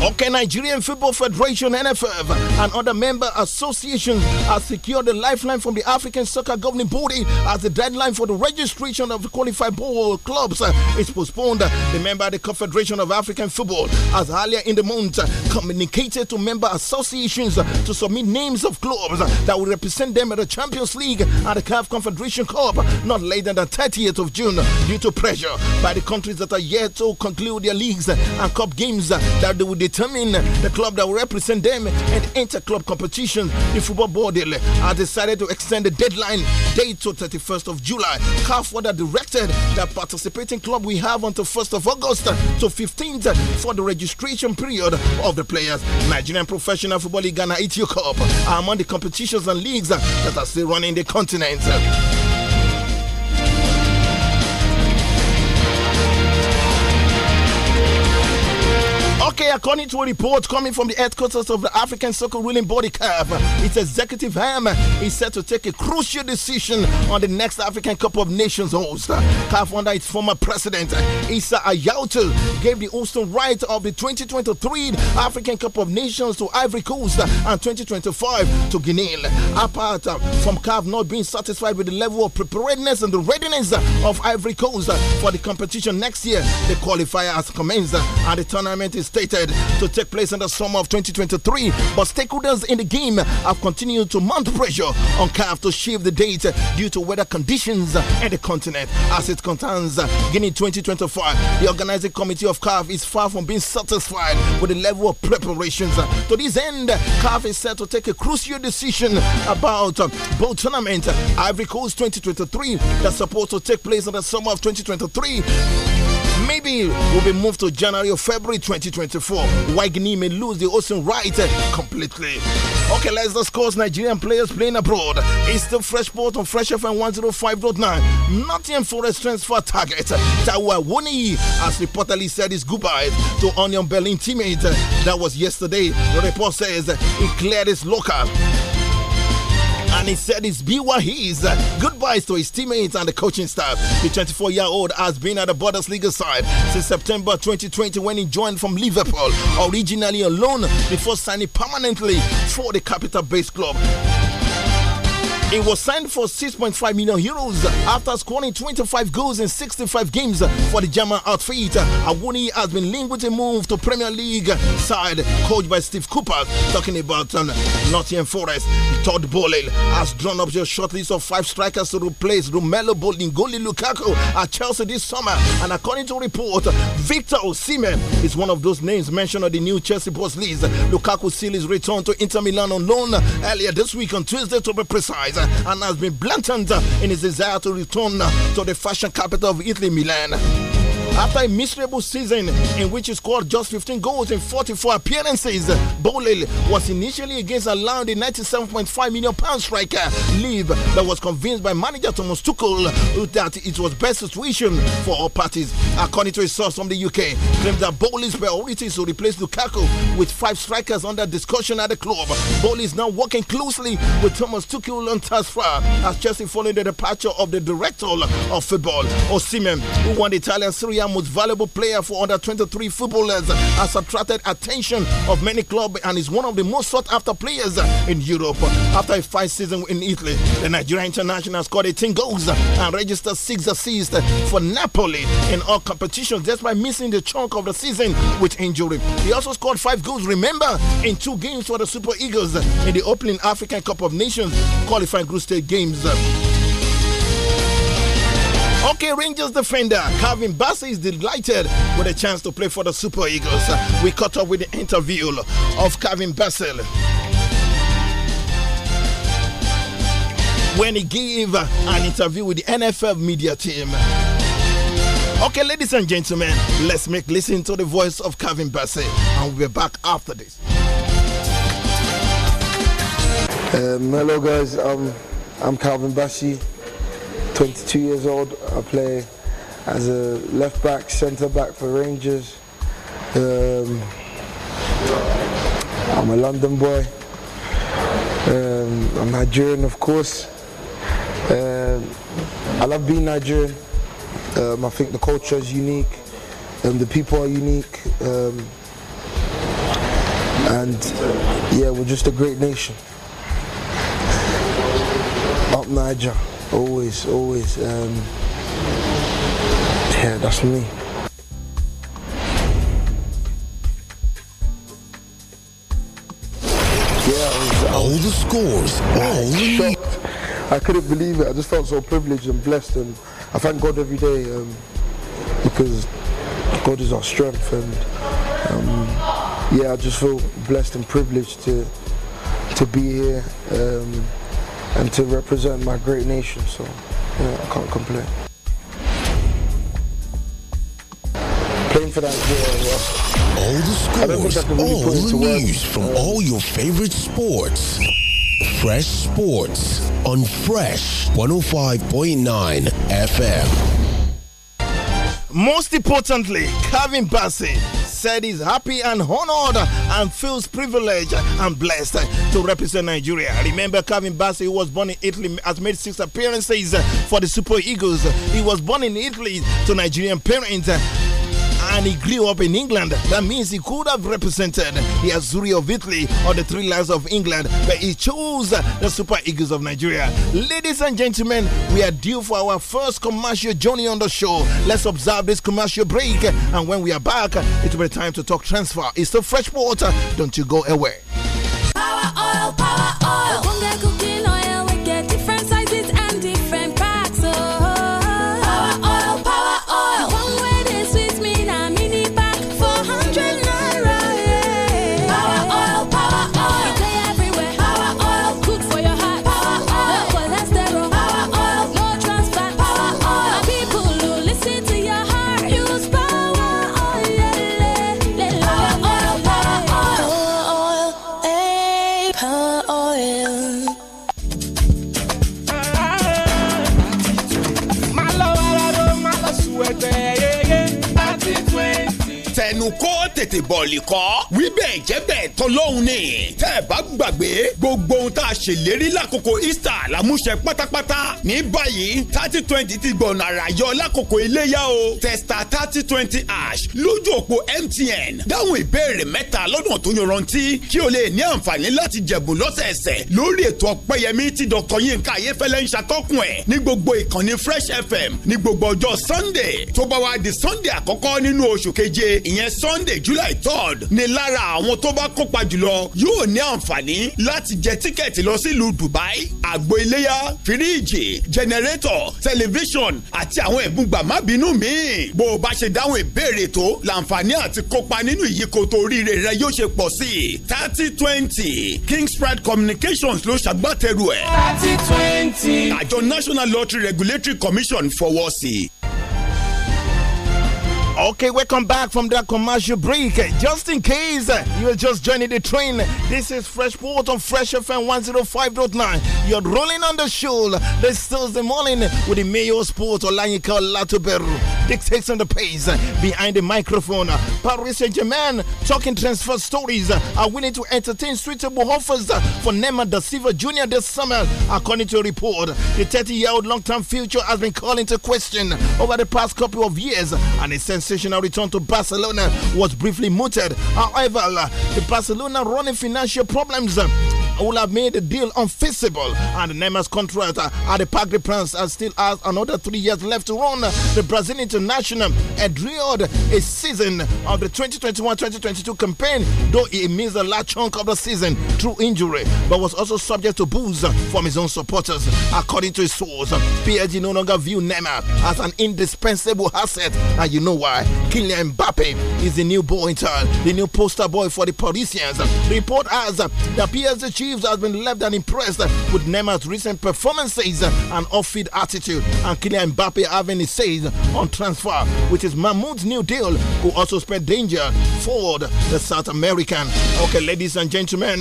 S7: Okay, Nigerian Football Federation, NFF, and other member associations have secured a lifeline from the African Soccer Governing Body as the deadline for the registration of qualified ball clubs is postponed. The member of the Confederation of African Football has earlier in the month communicated to member associations to submit names of clubs that will represent them at the Champions League and the CAF Confederation Cup not later than 30th of June due to pressure by the countries that are yet to conclude their leagues and cup games that they will determine the club that will represent them and enter club competition. The football board has decided to extend the deadline date to 31st of July. CAF further directed that participating club we have until 1st of August to 15th for the registration period of the players. Nigerian Professional Football League Ghana ETU Cup are among the competitions and leagues that are still running the continent. according to a report coming from the headquarters of the African Circle ruling body CAF, its executive arm is set to take a crucial decision on the next African Cup of Nations host. CAF under its former president Issa Ayautu gave the hosting right of the 2023 African Cup of Nations to Ivory Coast and 2025 to Guinea. Apart from CAF not being satisfied with the level of preparedness and the readiness of Ivory Coast for the competition next year, the qualifier has commenced and the tournament is stated to take place in the summer of 2023, but stakeholders in the game have continued to mount pressure on CAF to shift the date due to weather conditions at the continent. As it concerns Guinea 2024, the organizing committee of CAF is far from being satisfied with the level of preparations. To this end, CAF is set to take a crucial decision about both tournament Ivory Coast 2023 that's supposed to take place in the summer of 2023. Maybe we will be moved to January or February 2024. Wagner may lose the Ocean right uh, completely. Okay, let's discuss Nigerian players playing abroad. It's the fresh port on Fresh FM 105.9. Nottingham Forest transfer target Tawa Wuni, has reportedly said his goodbye to Onion Berlin teammate. That was yesterday. The report says he cleared his locker and he said it's be what he is. Goodbyes to his teammates and the coaching staff. The 24 year old has been at the Bundesliga side since September 2020 when he joined from Liverpool, originally alone, before signing permanently for the capital based club. It was signed for 6.5 million euros after scoring 25 goals in 65 games for the German outfit. Awuni has been linked with a move to Premier League side coached by Steve Cooper. Talking about um, Nottingham Forest, Todd Bowling has drawn up your shortlist of five strikers to replace Romelu Bolingoli Lukaku at Chelsea this summer. And according to report, Victor Osimhen is one of those names mentioned on the new Chelsea boss list. Lukaku sealed his return to Inter Milan on loan earlier this week on Tuesday to be precise and has been blatant in his desire to return to the fashion capital of Italy, Milan. After a miserable season in which he scored just 15 goals in 44 appearances, Bowley was initially against allowing the 97.5 million pound striker leave, but was convinced by manager Thomas Tuchel that it was best situation for all parties. According to a source from the UK, claims that Bowley's priority is to replace Lukaku with five strikers under discussion at the club. Bowley is now working closely with Thomas Tuchel on transfer as Chelsea following the departure of the director of football, Osimhen, who won the Italian Serie year most valuable player for under 23 footballers, has attracted attention of many clubs and is one of the most sought after players in Europe. After a five season in Italy, the Nigerian international scored 18 goals and registered six assists for Napoli in all competitions, despite missing the chunk of the season with injury. He also scored five goals, remember, in two games for the Super Eagles in the opening African Cup of Nations qualifying group stage games. Okay, Rangers defender Calvin Bassey is delighted with a chance to play for the Super Eagles. We caught up with the interview of Calvin Bassey. When he gave an interview with the NFL media team. Okay, ladies and gentlemen, let's make listen to the voice of Calvin Bassey, and we'll be back after this.
S10: Um, hello,
S7: guys. I'm um, I'm Calvin Bassey. 22 years old. I play
S10: as a left back, centre back for Rangers. Um, I'm a London boy. Um, I'm
S7: Nigerian, of course. Um, I love being Nigerian.
S10: Um, I think the culture is unique, and um, the people are unique. Um, and yeah, we're just a great nation. Up Niger always, always, um,
S14: yeah, that's me.
S6: Yeah, all the scores, all
S7: the I couldn't believe it. I just felt so privileged and blessed, and I thank God every day
S10: um, because God is our strength. And um, yeah, I just feel blessed and privileged to to be here. Um, and to represent my great nation. So yeah, I can't complain.
S3: Playing for that girl, yeah. All the scores,
S15: really all the news work. from um, all your favorite sports. Fresh
S7: Sports on Fresh 105.9 FM. Most importantly, Kevin Bassett said he's happy and honored and feels privileged and blessed to represent Nigeria. Remember, Calvin Bassi, who was born in Italy, has made six appearances for the Super Eagles. He was born in Italy to Nigerian parents and he grew up in England. That means he could have represented the Azuri of Italy or the Three Lions of England, but he chose the Super Eagles of Nigeria. Ladies and gentlemen, we are due for our first commercial journey on the show. Let's observe this commercial break, and when we are back, it will be time to talk transfer. It's the fresh water. Don't you go away.
S15: tètè bọ̀ lìkọ́. wí bẹ́ẹ̀ jẹ́ bẹ́ẹ̀ tọ́lọ́hún ni. tẹ́ ẹ bá gbàgbé gbogbo ohun tá a ṣèlérí lákòókò Easter làmúṣẹ pátápátá. ní báyìí thirty twenty ti gbọ̀nà àràyọ lákòókò iléyà o. testa thirty twenty ash lójú òpó MTN. dáhùn ìbéèrè mẹ́ta lọ́dún tó yanrantí kí o lè ní àǹfààní láti jẹ̀bùn lọ́sẹ̀ẹsẹ̀ lórí ètò ọ̀pẹ́yẹmí tí Dr. Yinka Ayéfẹ́lẹ́ ń ṣàtọ́kùn ẹ̀ ní gbogbo ìkànnì Fresh FM ní gbogbo ọjọ́ Sunday tó bá wá di Sunday àkọ́kọ́ nínú oṣù keje ìyẹn Sunday July july third ni lára àwọn tó bá kópa jùlọ yóò ní àǹfààní láti jẹ tíkẹ́ẹ̀tì lọ sílùú dubai àgbo iléyà fíríìjì jẹnẹrétọ̀ tẹlifíṣọ̀n àti àwọn ẹ̀bùn gbàmábínú míì bó o bá ṣe dáhùn ìbéèrè tó làǹfààní àti kópa nínú ìyíkoto oríire rẹ yóò ṣe pọ̀ sí i thirty twenty kingspride communications ló ṣàgbàtẹrù ẹ̀. thirty twenty. àjọ national lottery regulatory commission fọwọ́ sí i.
S7: Okay, welcome back from that commercial break. Just in case uh, you are just joining the train, this is Freshport on Fresh FM 105.9. You're rolling on the show this Thursday morning with the Mayo Sports Olanyika Latuberu. takes on the pace uh, behind the microphone. Uh, Paris Saint Germain talking transfer stories are willing to entertain suitable offers for Neymar da Silva Jr. this summer, according to a report. The 30 year old long term future has been called into question over the past couple of years and it sends sensational return to Barcelona was briefly mooted. However, the Barcelona running financial problems uh, will have made the deal unfeasible, and Neymar's contract uh, at the Parc des Princes uh, still has another three years left to run. The Brazilian international endured a season of the 2021-2022 campaign, though he missed a large chunk of the season through injury, but was also subject to boos from his own supporters. According to his source, PSG no longer view Neymar as an indispensable asset, and you know why guy, Kylian Mbappe, is the new boy in town, the new poster boy for the Parisians. Report has that PSG Chiefs has been left unimpressed with Neymar's recent performances and off-field attitude, and Kylian Mbappe having his say on transfer, which is Mahmoud's new deal, who also spread danger forward the South American. Okay, ladies and gentlemen.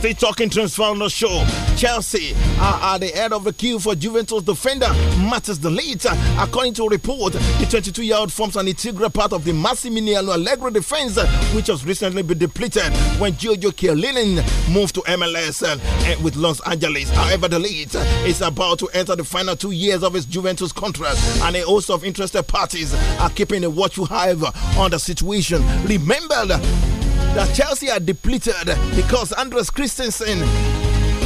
S7: Still talking transfer show. Chelsea are at the head of the queue for Juventus defender Matters the lead. According to a report, the 22 year old forms an integral part of the Massimiliano Allegro defense, which has recently been depleted when Giorgio Chiellini moved to MLS and eh, with Los Angeles. However, the lead is about to enter the final two years of his Juventus contract, and a host of interested parties are keeping a watchful eye on the situation. Remember, that Chelsea are depleted because Andres Christensen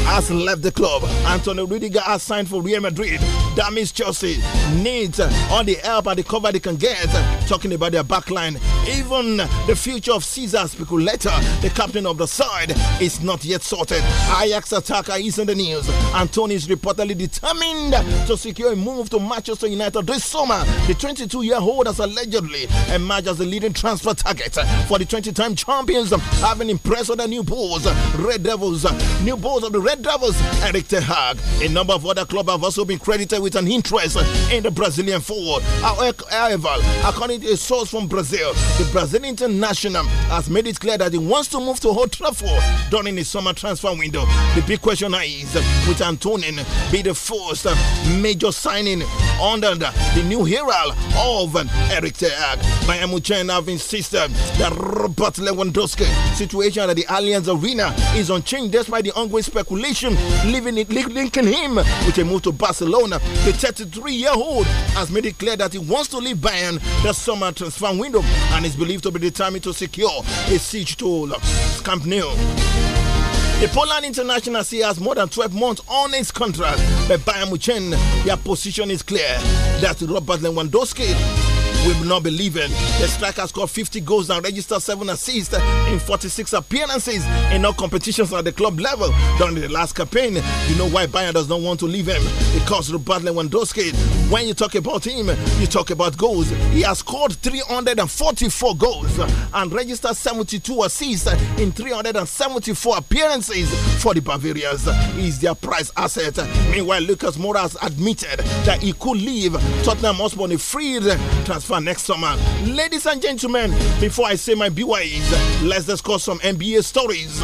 S7: has left the club. Antonio Rudiger has signed for Real Madrid. That means Chelsea needs uh, all the help and the cover they can get. Uh, talking about their backline, even the future of Cesar Spiculeta, the captain of the side, is not yet sorted. Ajax attacker is in the news. Antonio is reportedly determined to secure a move to Manchester United this summer. The 22-year-old has allegedly emerged as the leading transfer target for the 20-time champions, having impressed on the new balls, Red Devils, uh, new balls of the Red Red Devils, Eric Ten Hag. A number of other clubs have also been credited with an interest in the Brazilian forward. However, according to a source from Brazil, the Brazilian international has made it clear that he wants to move to Old Trafford during the summer transfer window. The big question now is, would Antonin be the first major signing under the new herald of Eric Ten Hag? Bayern Munich have insisted that Robert Lewandowski situation at the Allianz Arena is unchanged despite the ongoing speculation Living in it, linking him with a move to Barcelona. The 33 year old has made it clear that he wants to leave Bayern this summer transfer window and is believed to be determined to secure a siege to Camp Nou. The Poland international still has more than 12 months on his contract, but Bayern Munich, their position is clear that Robert Lewandowski will not be leaving. The striker scored 50 goals and registered 7 assists in 46 appearances in all competitions at the club level during the last campaign. You know why Bayern does not want to leave him? Because Robert Lewandowski, when you talk about him, you talk about goals. He has scored 344 goals and registered 72 assists in 374 appearances for the Bavarians. He is their prize asset. Meanwhile, Lucas Moura has admitted that he could leave Tottenham Hotspur on a free transfer transfer next summer. Ladies and gentlemen, before I say my BYs, let's discuss some NBA stories.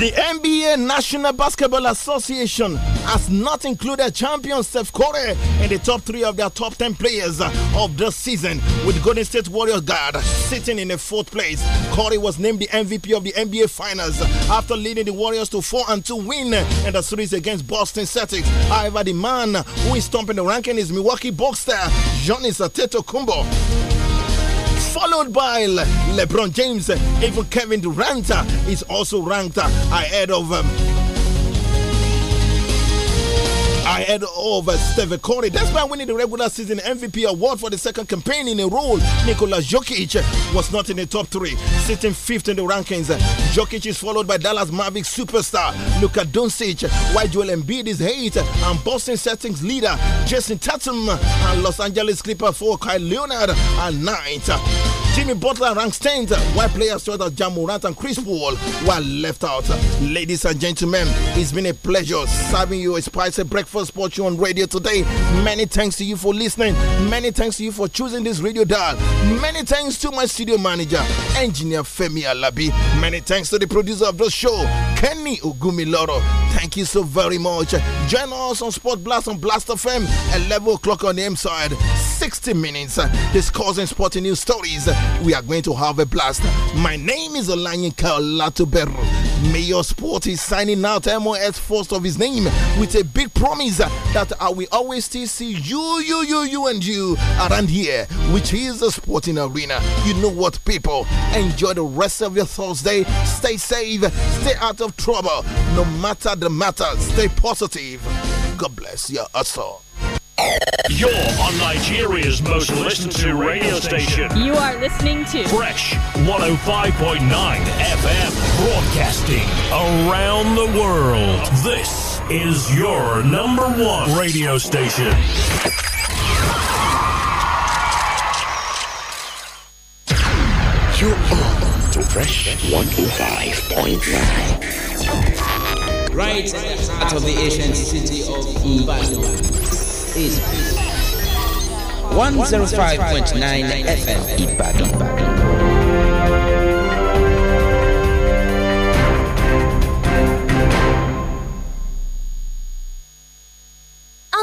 S7: The NBA National Basketball Association has not included champion Steph Curry in the top three of their top 10 players of the season, with Golden State Warriors guard sitting in the fourth place. Curry was named the MVP of the NBA Finals after leading the Warriors to 4 and 2 win in the series against Boston Celtics. However, the man who is stomping the ranking is Milwaukee Bucks star Giannis Antetokounmpo followed by LeBron James. Even Kevin Durant is also ranked ahead of um, ahead of Steve Corey. That's why winning the regular season MVP award for the second campaign in a row, Nikola Jokic was not in the top three, sitting fifth in the rankings. Jokic is followed by Dallas Mavericks superstar Luka Doncic, while Joel Embiid is eighth, and Boston Celtics leader Jason Tatum and Los Angeles Clipper for Kyle Leonard are ninth. Jimmy Butler ranks 10th, while players such as Jamorant and Chris Paul were left out. Ladies and gentlemen, it's been a pleasure serving you a spicy breakfast you on radio today. Many thanks to you for listening. Many thanks to you for choosing this radio dial. Many thanks to my studio manager, engineer Femi Alabi. Many thanks to the producer of the show, Kenny Ogumiloro. Thank you so very much. Join us on Sport Blast on Blast FM, 11 o'clock on the M side, 60 minutes discussing sporting news stories we are going to have a blast. My name is Olanyin Kalatubero. Mayor Sport is signing out MOS first of his name with a big promise that I will always still see you, you, you, you, and you around here, which is the sporting arena. You know what, people? Enjoy the rest of your Thursday. Stay safe, stay out of trouble. No matter the matter, stay positive. God bless your
S12: hustle. You're on Nigeria's most listened to radio station. You
S4: are listening to Fresh
S12: 105.9 FM,
S13: broadcasting around the world. This is your number one
S12: radio station. You're on to Fresh
S9: 105.9.
S1: Right out of the ancient city of Ibadan is 105.9 FM Ibadan.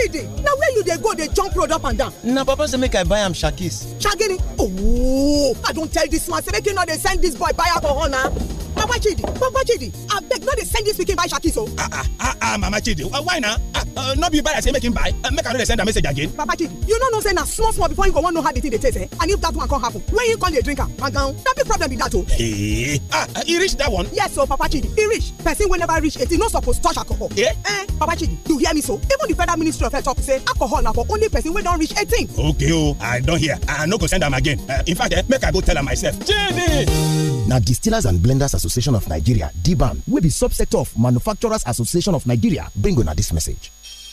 S16: holiday na where you dey go dey jump road up and down. na papa
S7: say make i buy am shakis.
S16: shagini Oh, i don tell dis man say make he no dey send dis boy buy alcohol na. Papa Chidi, Papa Chidi, abeg no dey send dis pikin buy shaki so. Oh. Ah ah ah ah Mama Chidi, uh, why na? Uh, uh, no be buy I say make him buy, uh, make I no dey send am message again. Papa Chidi, you no know say na small small before you go wan know how the thing dey taste eh? And if that one come happen, when you come dey drink am, gangan, na big problem be that o. Oh.
S17: Hey, eh, ah,
S16: uh, e reach that one? Yes o, oh, Papa Chidi, e reach. Person wey never reach eighteen no suppose touch alcohol. Yeah. Eh, Papa Chidi, you hear me so? Even the federal minister. yourself talk say alcohol na for only person wey don reach 18 ok o oh, i don hear i no go send am again uh, in fact eh, make i go tell am myself Now,
S6: na distillers and blenders association of nigeria dban wey be subsector of manufacturers association of nigeria bring una dis message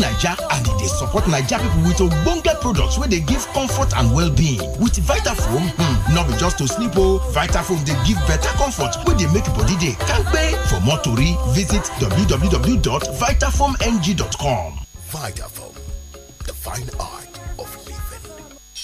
S17: naija and e dey support naija people
S6: with ogbonge products wey dey give comfort and well-being with vitafoam hmm, no be just to sleep o vitafoam dey give better comfort wey dey make body dey kampe for more tori visit www.vitafoamng.com vitafoam the fine art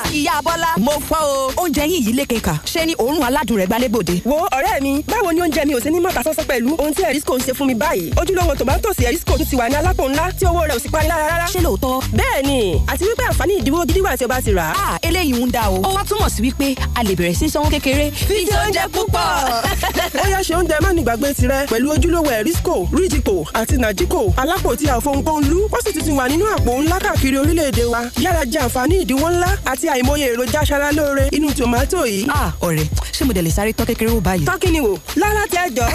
S8: Ah! ìyá Bọ́lá mo fọ́ o. oúnjẹ yín yìí lékè kà ṣé ni òórùn aládùn rẹ̀ gbalẹ́gbòde. wo ọ̀rẹ́ mi báwo ni oúnjẹ mi ò sí ní mọ̀ta sọ́sọ́ pẹ̀lú ohun tí erisco ń ṣe fún mi báyìí ojúlówó tòmátòsì erisco tún ti wà ní alápò ńlá tí owó rẹ̀ ò sì pani lára rárá. ṣé lóòótọ́. bẹ́ẹ̀ ni àti wípé àǹfààní ìdíwó gidi wà tí o bá ti rà á. Ah, eléyìí ń da o. ó wá túmọ̀ sí wípé a lè bẹ̀rẹ̀ sí sanwó kékeré. fi ti oúnjẹ púpọ̀. ó yá ṣe oúnjẹ mánu ìgbàgbé tirẹ̀ pẹ̀lú ojúlówó erisco ríjìpò àti nàjíkò alápò tí àfohùn kò ń lú ó sì tuntun wa yára jẹ àǹfààní ìdíwó ńlá àìmọye èròjà aṣara lóore inú tòmátò yìí. a ah, ọ̀rẹ́ ṣé mo dẹ̀ lè sáré tọ́ kékeré wò báyìí. tọ́kì ni wò lára tí a jọ.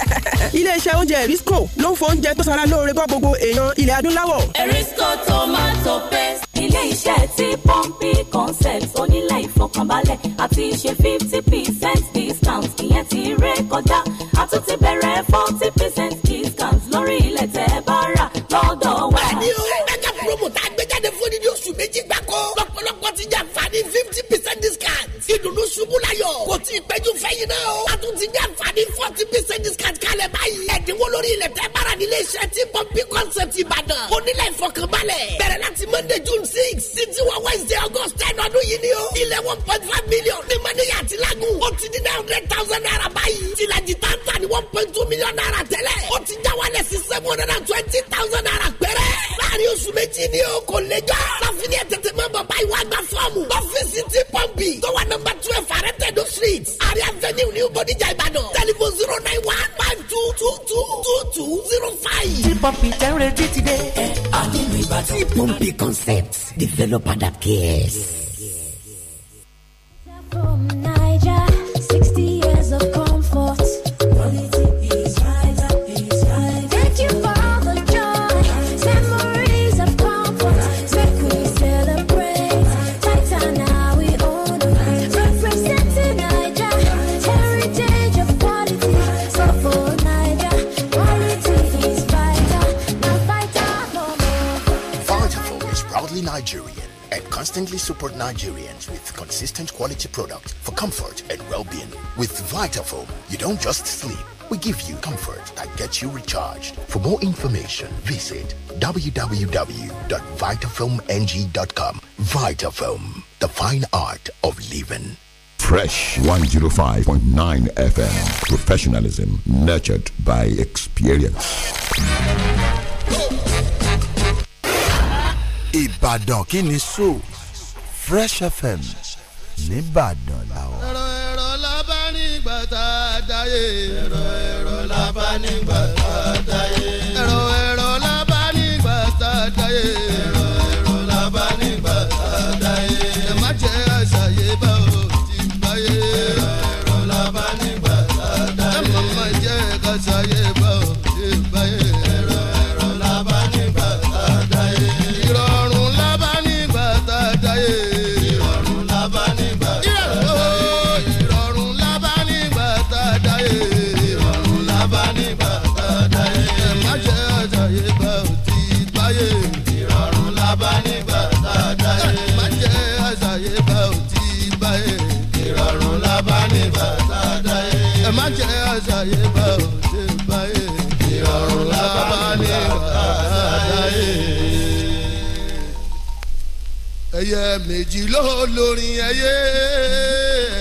S8: iléeṣẹ́ oúnjẹ Erisco ló ń fọ oúnjẹ tó ṣara lóore bọ́ gbogbo èèyàn ilẹ̀ adúláwọ̀. Erisco tomato paste
S18: ilé iṣẹ́ tí pọ́ǹpì concept onílé ìfọkànbalẹ̀ àti ṣe fifty percent discount ìyẹn ti ré kọjá a tún ti bẹ̀rẹ̀ forty percent discount
S17: lórí ilẹ̀ tẹ́ bá rà lọ́dọ̀ wa. bá ti jàǹfààní fifty percent discount ìdùnnú ṣubú layọ̀ kò tí ì péjú fẹ́yìn náà o a tún ti jàǹfààní forty percent discount kalẹ̀ báyìí ẹ̀dínwó lórí ilẹ̀ tẹ́ bára nílé iṣẹ́ tí pọ́ńpì concept ìbàdàn onílẹ̀ ìfọkànbalẹ̀ bẹ̀rẹ̀ láti monday june six sí tiwọn wednesday august ten ọdún yìí ni o ilẹ̀ one point five million ní mọ́níyà àti lágùn ó ti di nine hundred thousand naira báyìí tìlàjì táǹtà ni one point two million naira tẹ́lẹ̀ ó ti já wálẹ̀ sí seven hundred and twenty thousand naira pẹ́rẹ́ láàrin oṣù méjì ni o kò lè jọ láfi ní ẹ̀tẹ̀ bọ̀ báyìí wá gba fọ́ọ̀mù. ọ́fíìsì ti pọ́ǹpì tó wà nọmba twelve àrẹ́tẹ̀dọ̀ street àrẹ avenue new bodijà ìbàdàn tẹlifon zero nine one five two two two two two zero
S12: five. ti pọ́ǹpì tẹ́ ń retí ti dé. ẹ àdínú ìbàdàn. ti pọ́ǹpì concept developer that cares.
S6: constantly support Nigerians with consistent quality products for comfort and
S7: well-being. With Vitafoam, you don't just sleep. We give you comfort that gets you recharged. For more information, visit www.vitafilmng.com.
S6: Vitafilm, the fine art of living.
S2: Fresh 105.9 FM. Professionalism nurtured by experience.
S10: Ìbàdàn kí ni so Fresh FM nìbàdàn làwọn. ẹ̀rọ ẹ̀rọ lábá nígbà tá a dáyé. ẹ̀rọ ẹ̀rọ lábá nígbà tá a dáyé. ẹ̀rọ ẹ̀rọ lábá nígbà tá a dáyé. ẹyẹ méjì ló lórin ẹyẹ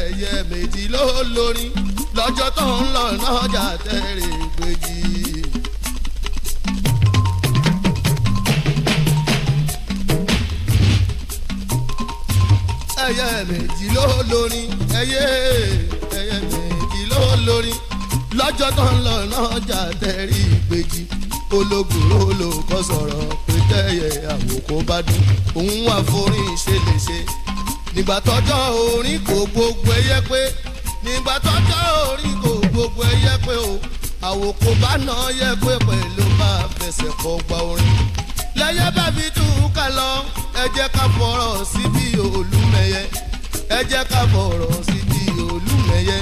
S10: ẹyẹ méjì ló lórin lọ́jọ́ tó ń lọ lọ́jà tẹ̀rẹ̀ gbèjì. ẹyẹ méjì ló lórin ẹyẹ ẹyẹ méjì ló lórin lọ́jọ́ tó ń lọ lọ́jà tẹ̀rẹ̀ gbèjì ológun ló lò kọ́ sọ̀rọ̀ jẹyẹ àwòkọ bá dún òun wà forí ìṣeléṣe nígbà tọ́jọ́ orin kò gbogbo ẹyẹ pé nígbà tọ́jọ́ orin kò gbogbo ẹyẹ pé o àwòkọ bá nà yẹ pé pẹ̀lú máa fẹsẹ̀ kọ gba orin lẹ́yẹ bá fi túkà lọ ẹ jẹ́ ká fọ̀rọ̀ síbi olúmẹyẹ ẹ jẹ́ ká fọ̀rọ̀ síbi olúmẹyẹ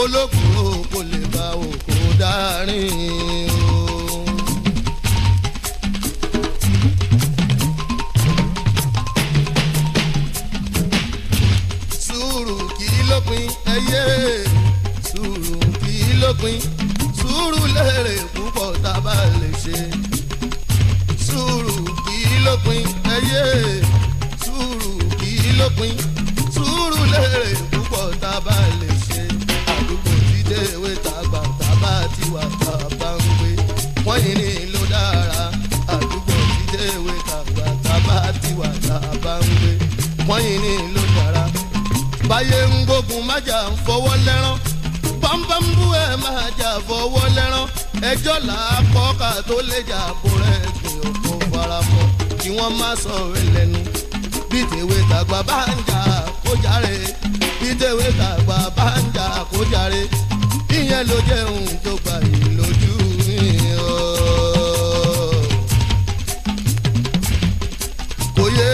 S10: olókùn o kò lè bá òkò dárin o. ayé sùúrù kì í lópin sùúrù lérè púpọ̀ tá a bá lè ṣe sùúrù kì í lópin ayé sùúrù kì í lópin sùúrù lérè púpọ̀ tá a bá lè ṣe àdúgbò dídé ewé tàgbà tàbá tiwa tàbá ń gbé wọ́n yìí ní ló dára àdúgbò dídé ewé tàgbà tàbá tiwa tàbá ń gbé wọ́n yìí ní ló dára báyé ń gbógun májà ń fọwọ́ lẹ́rán pọ́npọ́nbú ẹ̀ máa jà fọwọ́ lẹ́rán ẹjọ́ làákọ́ ká tó lè jà bó rẹ̀ gbìn òkú faramọ́ kí wọ́n má sọ̀rọ̀ lẹ́nu bí tèwe tàgbà bá ń jà kó jàre bí tèwe tàgbà bá ń jà kó jàre ìyẹn ló jẹ́ ohun tó gbà yìí lójú o. kò yé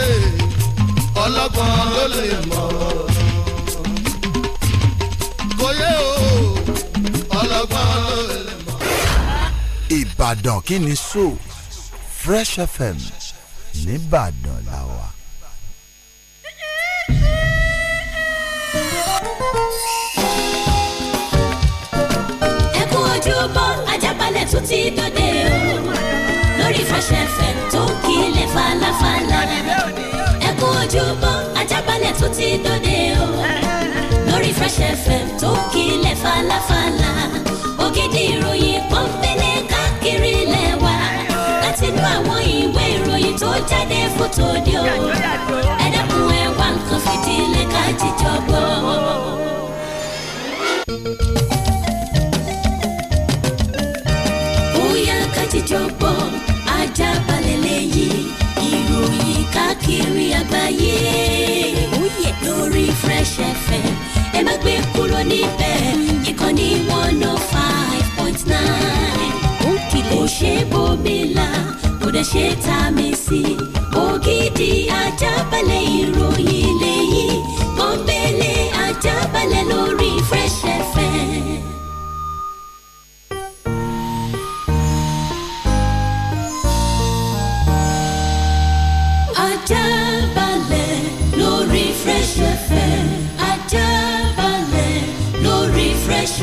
S10: ọlọ́gbọ́n ló lè mọ̀ ọ́ kórè o ọlọ́gbọ́n ló Ìbàdàn kí ni so Fresh FM nìbàdàn la wà.
S18: ẹkún ojúbọ ajábalẹ̀ tún ti dòde o lórí Fresh FM tó ń kílẹ̀ falafala ẹkún ojúbọ. falafala ògidì ìròyìn kan fẹlẹ̀ káàkiri lẹ́wà láti inú àwọn ìwé ìròyìn tó jáde fótó di o ẹ dẹ́kun nǹkan fìdílé ká jíjọ gbọ́. bóyá ká jíjọ gbọ́ ajá balẹ̀ lẹ́yìn ìròyìn káàkiri àgbáyé lórí Fresh FM ẹ má gbé kúrò níbẹ̀ ìkànnì one oh five point nine. ó kìlẹ̀ kò ṣe bómi la kò dẹ̀ ṣe tá a mi sí. ògidì ajábalẹ̀ ìròyìn lẹ́yìn gbọ̀ngbẹ̀lẹ̀ ajábalẹ̀ lórí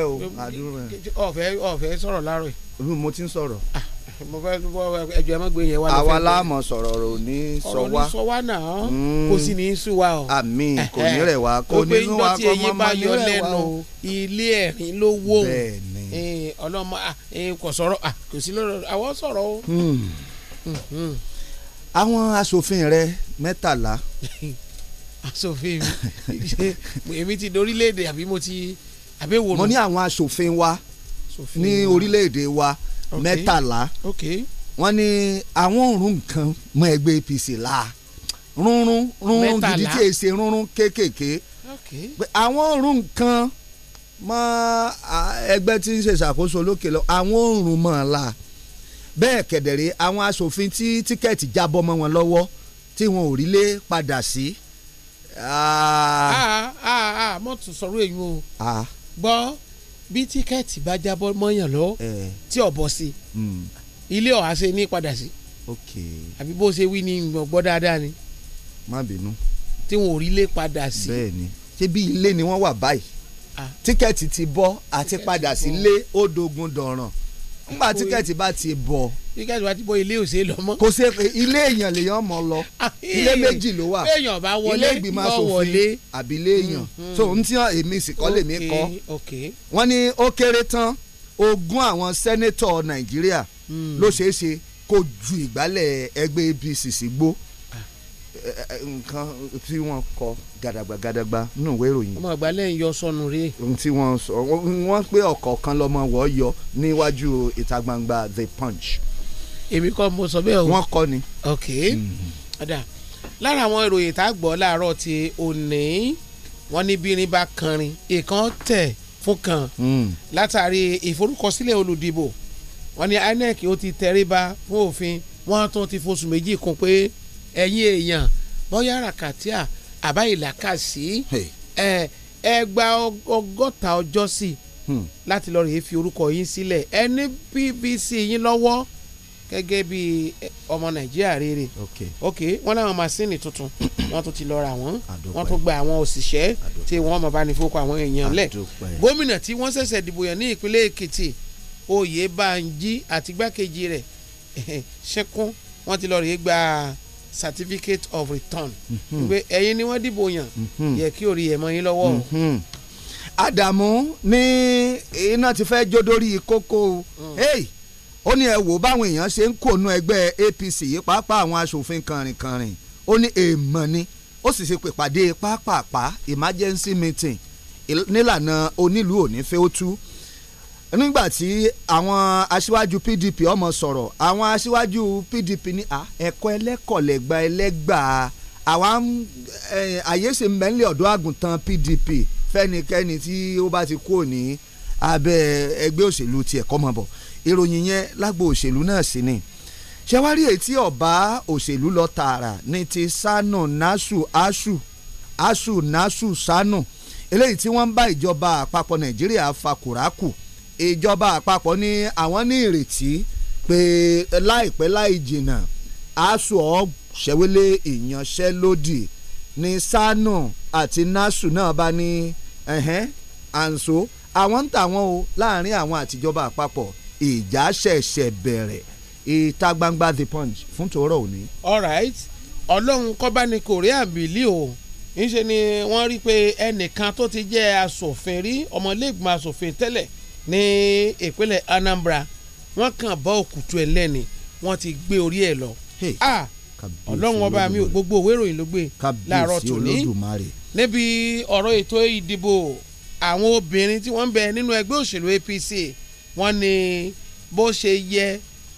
S14: dúpẹ́ o àdúrà. ọ̀fẹ́ ọ̀fẹ́ sọ̀rọ̀ láàárọ̀ yìí. mo ti ń sọ̀rọ̀. Ah, mo fẹ́ ẹjọ́ ẹ má gbé yẹn wá. àwa láàmọ̀
S19: sọ̀rọ̀ rò ní sọ wá. ọ̀rọ̀ ní sọ wá náà mm. kò sì ní í sú wa o. àmín kò ní rẹ̀ wá kò ní sú wa kò mọ́ máa ní rẹ̀ wá o.
S14: ilé ẹ̀rín ló wó eh, ọlọ́mọ ah, eh, kò sọ̀rọ̀ ah, kò sí lọ́rọ̀ àwọn sọ̀rọ̀ o.
S19: Hmm. Hmm. àwọn aṣòfin rẹ mẹ́tàlá.
S14: aṣòfin mi èmi ti dorílẹ̀-èdè àbí mo ti mo ní àwọn
S19: aṣòfin wa
S14: ní orílẹ̀-èdè
S19: wa mẹ́tàlá wọ́n ní àwọn òórùn nǹkan mọ́ ẹgbẹ́ APC la rúnrún rúnrún gidi tí èsì rúnrún kéékèèké àwọn òórùn nǹkan mọ́ ẹgbẹ́ tí ń ṣe ìṣàkóso lókè lọ àwọn òórùn mọ́ ọ la bẹ́ẹ̀ kẹ̀dẹ̀rẹ́ àwọn aṣòfin tí tíkẹ́ẹ̀tì jábọ́ mọ́ wọn lọ́wọ́ tí wọn ò rí lé padà sí. Ah.
S14: Ah, ah, mọ̀tún sọ̀rọ̀ èyí o gbọ́ bí tíkẹ́ẹ̀tì bá jábọ́ mọ́yàn lọ tí ò bọ́ sí hmm. ilé ọ̀há ṣe ní padà sí àbí bó ṣe wí ni gbọ́ dáadáa ni. má bínú. tí wọn ò rí ilé padà sí. bẹ́ẹ̀ni ṣé bí ilé ni wọ́n wà báyìí
S19: tíkẹ́ẹ̀tì ti bọ́ àti padà sílé ó dogun dọ̀ràn ngbà tíkẹ́ẹ̀tì bá ti bọ̀
S14: tíkẹ́ẹ̀tì bá ti bọ̀ ilé òsè lọ mọ́. kò sí ilé èèyàn lèèyàn mọ̀ lọ ah, eh.
S19: ilé méjì ló wà ilé ìgbìmọ̀ asòfin àbí ilé èèyàn mm-hmm. so n tí èmi sì kọ́ lèmi kọ́ wọ́n ní ó kéré tán ogún àwọn sẹ́nétọ̀ nàìjíríà hmm. ló ṣeé ṣe kó ju ìgbálẹ̀ ẹgbẹ́ APC sí gbó nǹkan tí wọ́n kọ gàdàgbà gàdàgbà nínú ìwé ìròyìn.
S14: ọmọ àgbà lẹ́yìn yọ sọnù
S19: rí. ohun tí wọ́n sọ wọ́n pé ọ̀kọ̀ọ̀kan lọ́mọ wọ́ yọ níwájú ìta gbangba
S14: the punch. èmi kọ́ mo sọ bẹ́ẹ̀ o. wọ́n kọ́ ni. ok ọ̀dà mm-hmm. lára àwọn ìròyìn tá a gbọ́ láàárọ̀ ti òní wọ́n ní bí irin bá kanrin ìkan tẹ̀ fún kan mm. látàrí ìforúkọsílẹ̀ olùdìbò wọ́n ní INEC ó ti tẹríba fún òfin wọ́n tún ti fọṣù méjì kún pé ẹ̀yin èèyàn bóyá rakatia àbá ìlàkàsí ẹ gba ọgọ́ta ọjọ́ sí i hmm. láti lọ rèé fi orúkọ yín sílẹ̀ ẹ ní bbc yín lọ́wọ́ gẹ́gẹ́ bí ọmọ nàìjíríà rere ok wọ́n láwọn masínì tuntun wọ́n tún ti lọ ra wọ́n wọ́n tún gba àwọn òṣìṣẹ́ tí wọ́n mọ̀ bá ní fowópa àwọn èèyàn lẹ̀ gómìnà tí wọ́n ṣẹ̀ṣẹ̀ dìbò yàn ní ìpínlẹ̀ èkìtì oyèbánjí àti igbákejì rẹ̀ ṣẹ́kún wọ́n ti lọ rèé gba certificate of return mhm. pé ẹ̀yin ni wọ́n dìbò yàn mhm. yẹ kí orí ẹ̀ mọ́ yín lọ́wọ́ o. Àdàmú mhm.
S19: ní iná ti fẹ́
S14: jó dórí kókó mm.
S19: ó ní ẹ wò báwọn èèyàn ṣe ń kónú ẹgbẹ́ APC yìí pàápàá àwọn aṣòfin kànrìnkànrìn ó ní èèmọ̀ ni ó sì ṣe pèpàdé pápápá emergency meeting nílànà onílù òní fẹ́ ó tú nígbà tí àwọn aṣíwájú PDP ọmọ sọ̀rọ̀ àwọn aṣíwájú PDP ní ẹ̀kọ́ ẹlẹ́kọ̀lẹ́gba ẹlẹ́gbà àwa àyè sì mẹ́lẹ̀ ọ̀dọ́ àgùntàn PDP fẹ́nikẹ́ni tí ó bá ti kú òní abẹ́ ẹgbẹ́ òṣèlú tiẹ̀ kọ́ mọ̀ bọ̀ ìròyìn yẹn lágbo òṣèlú náà sì ni ṣẹwárí etí ọba òṣèlú lọ tààrà ní ti Sanu Nasu Asu Asu Nasu Sanu eléyìí tí wọ́n ń bá ìjọba àpapọ̀ Nàìjíríà fa kùrákù ìjọba àpapọ̀ ní àwọn ní ìrètí pé láìpẹ́ láì jìnnà asuu ṣẹ́wélé ìyanṣẹ́lódì ni sanu àti nasu náà bá ní àǹso àwọn ń tàwọn o láàrin àwọn àtijọba àpapọ̀ ìjà ṣẹ̀ṣẹ̀ bẹ̀rẹ̀ ìta gbangba the punch fún tòórọ̀ òní.
S14: alright ọlọ́run kọ́ba ni korea bìlí o ńṣe ni wọ́n rí i pé ẹnìkan tó ti jẹ́ asòfin rí ọmọlẹ́gbọ̀n asòfin tẹ́lẹ̀ ní ìpínlẹ̀ Anambra wọ́n kàn bọ́ òkùtù ẹ̀ lẹ́ni wọ́n ti gbé orí ẹ̀ lọ. ọlọ́run ọba mi ò gbogbo òwe ìròyìn ló gbé láàárọ̀ tòní níbi ọ̀rọ̀ ètò ìdìbò àwọn obìnrin tí wọ́n ń bẹ nínú ẹgbẹ́ òṣèlú APC wọ́n ní bó ṣe yẹ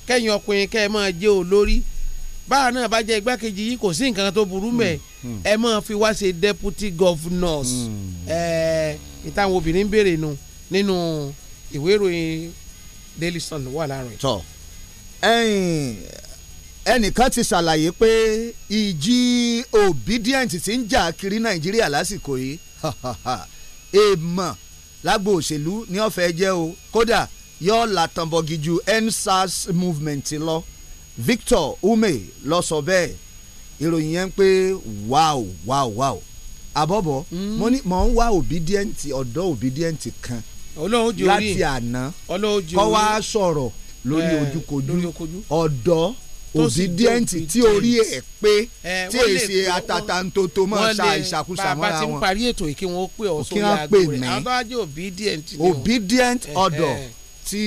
S14: kẹ́yìn ọkùnrin kẹ́ ẹ máa jẹ́ olórí báà náà bá jẹ́ igbákejì yìí kò sí nǹkan tó burú hmm, mẹ́ hmm. ẹ máa fi wá ṣe deputy governors hmm. ìtàwọn obìnrin ń béèrè nu nínú. No ìwé ìròyìn Daily Sun wà láàrin. tọ ẹnìkan ti ṣàlàyé pé ìjì
S19: obedient ti ń jà kiri Nàìjíríà lásìkò yìí èèmọ̀ lágbo òṣèlú ní ọ̀fẹ́ jẹ́ o kódà yóò làtànbọ̀gì ju EndSARS movement lọ Victor Ume lọ sọ bẹ́ẹ̀ ìròyìn yẹn ń pé wáò wáò wáò àbọ̀bọ̀ hmm. mo ń wá obedient ọ̀dọ́ obedient kan láti àná kọ́ wá sọ̀rọ̀ lórí eh, ojúkojú ọ̀dọ́ òbídẹ́ǹtì tí orí ẹ̀ pé
S14: eh, tí èyí ṣe
S19: atatantoto mọ́ ṣá ìṣàkóso àmọ́ra wọn. bàbá tí ń
S14: parí ètò yìí kí wọ́n pè ọ́ sórí àgbo rẹ̀ àwọn bá obedient ni obedient eh, ọ̀dọ́
S19: tí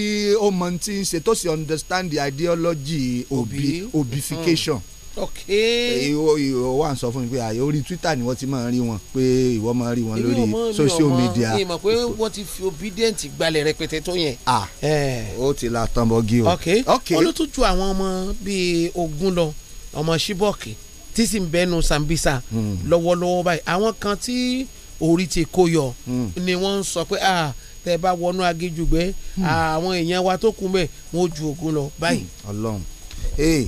S19: ó mọ ti ń ṣe tó sì understand the ideology òbí obification. Mm
S14: ìwọ
S19: wà ń sọ fún mi pé àyè orí Twitter ni wọ́n ti máa ń rí wọn pé ìwọ máa rí wọn lórí social media. èmi mọ̀ pé
S14: wọ́n ti fi obedient gbalẹ̀ rẹpẹtẹ tó yẹn. ah
S19: ó ti la tọmọgí o.
S14: ok olótútù àwọn ọmọ bíi ogun lọ ọmọ ṣíbọ̀kì tí sì ń bẹnu Sambisa hmm. lọ́wọ́lọ́wọ́ báyìí àwọn kan tí orí ti kó yọ hmm. ni wọ́n ń sọ pé ah tẹ bá wọnú agéjùgbẹ́ hmm. àwọn èèyàn wa tó kú mẹ́ wọn ò ju ogun lọ báyìí.
S19: Ọlọ́run ee. Hey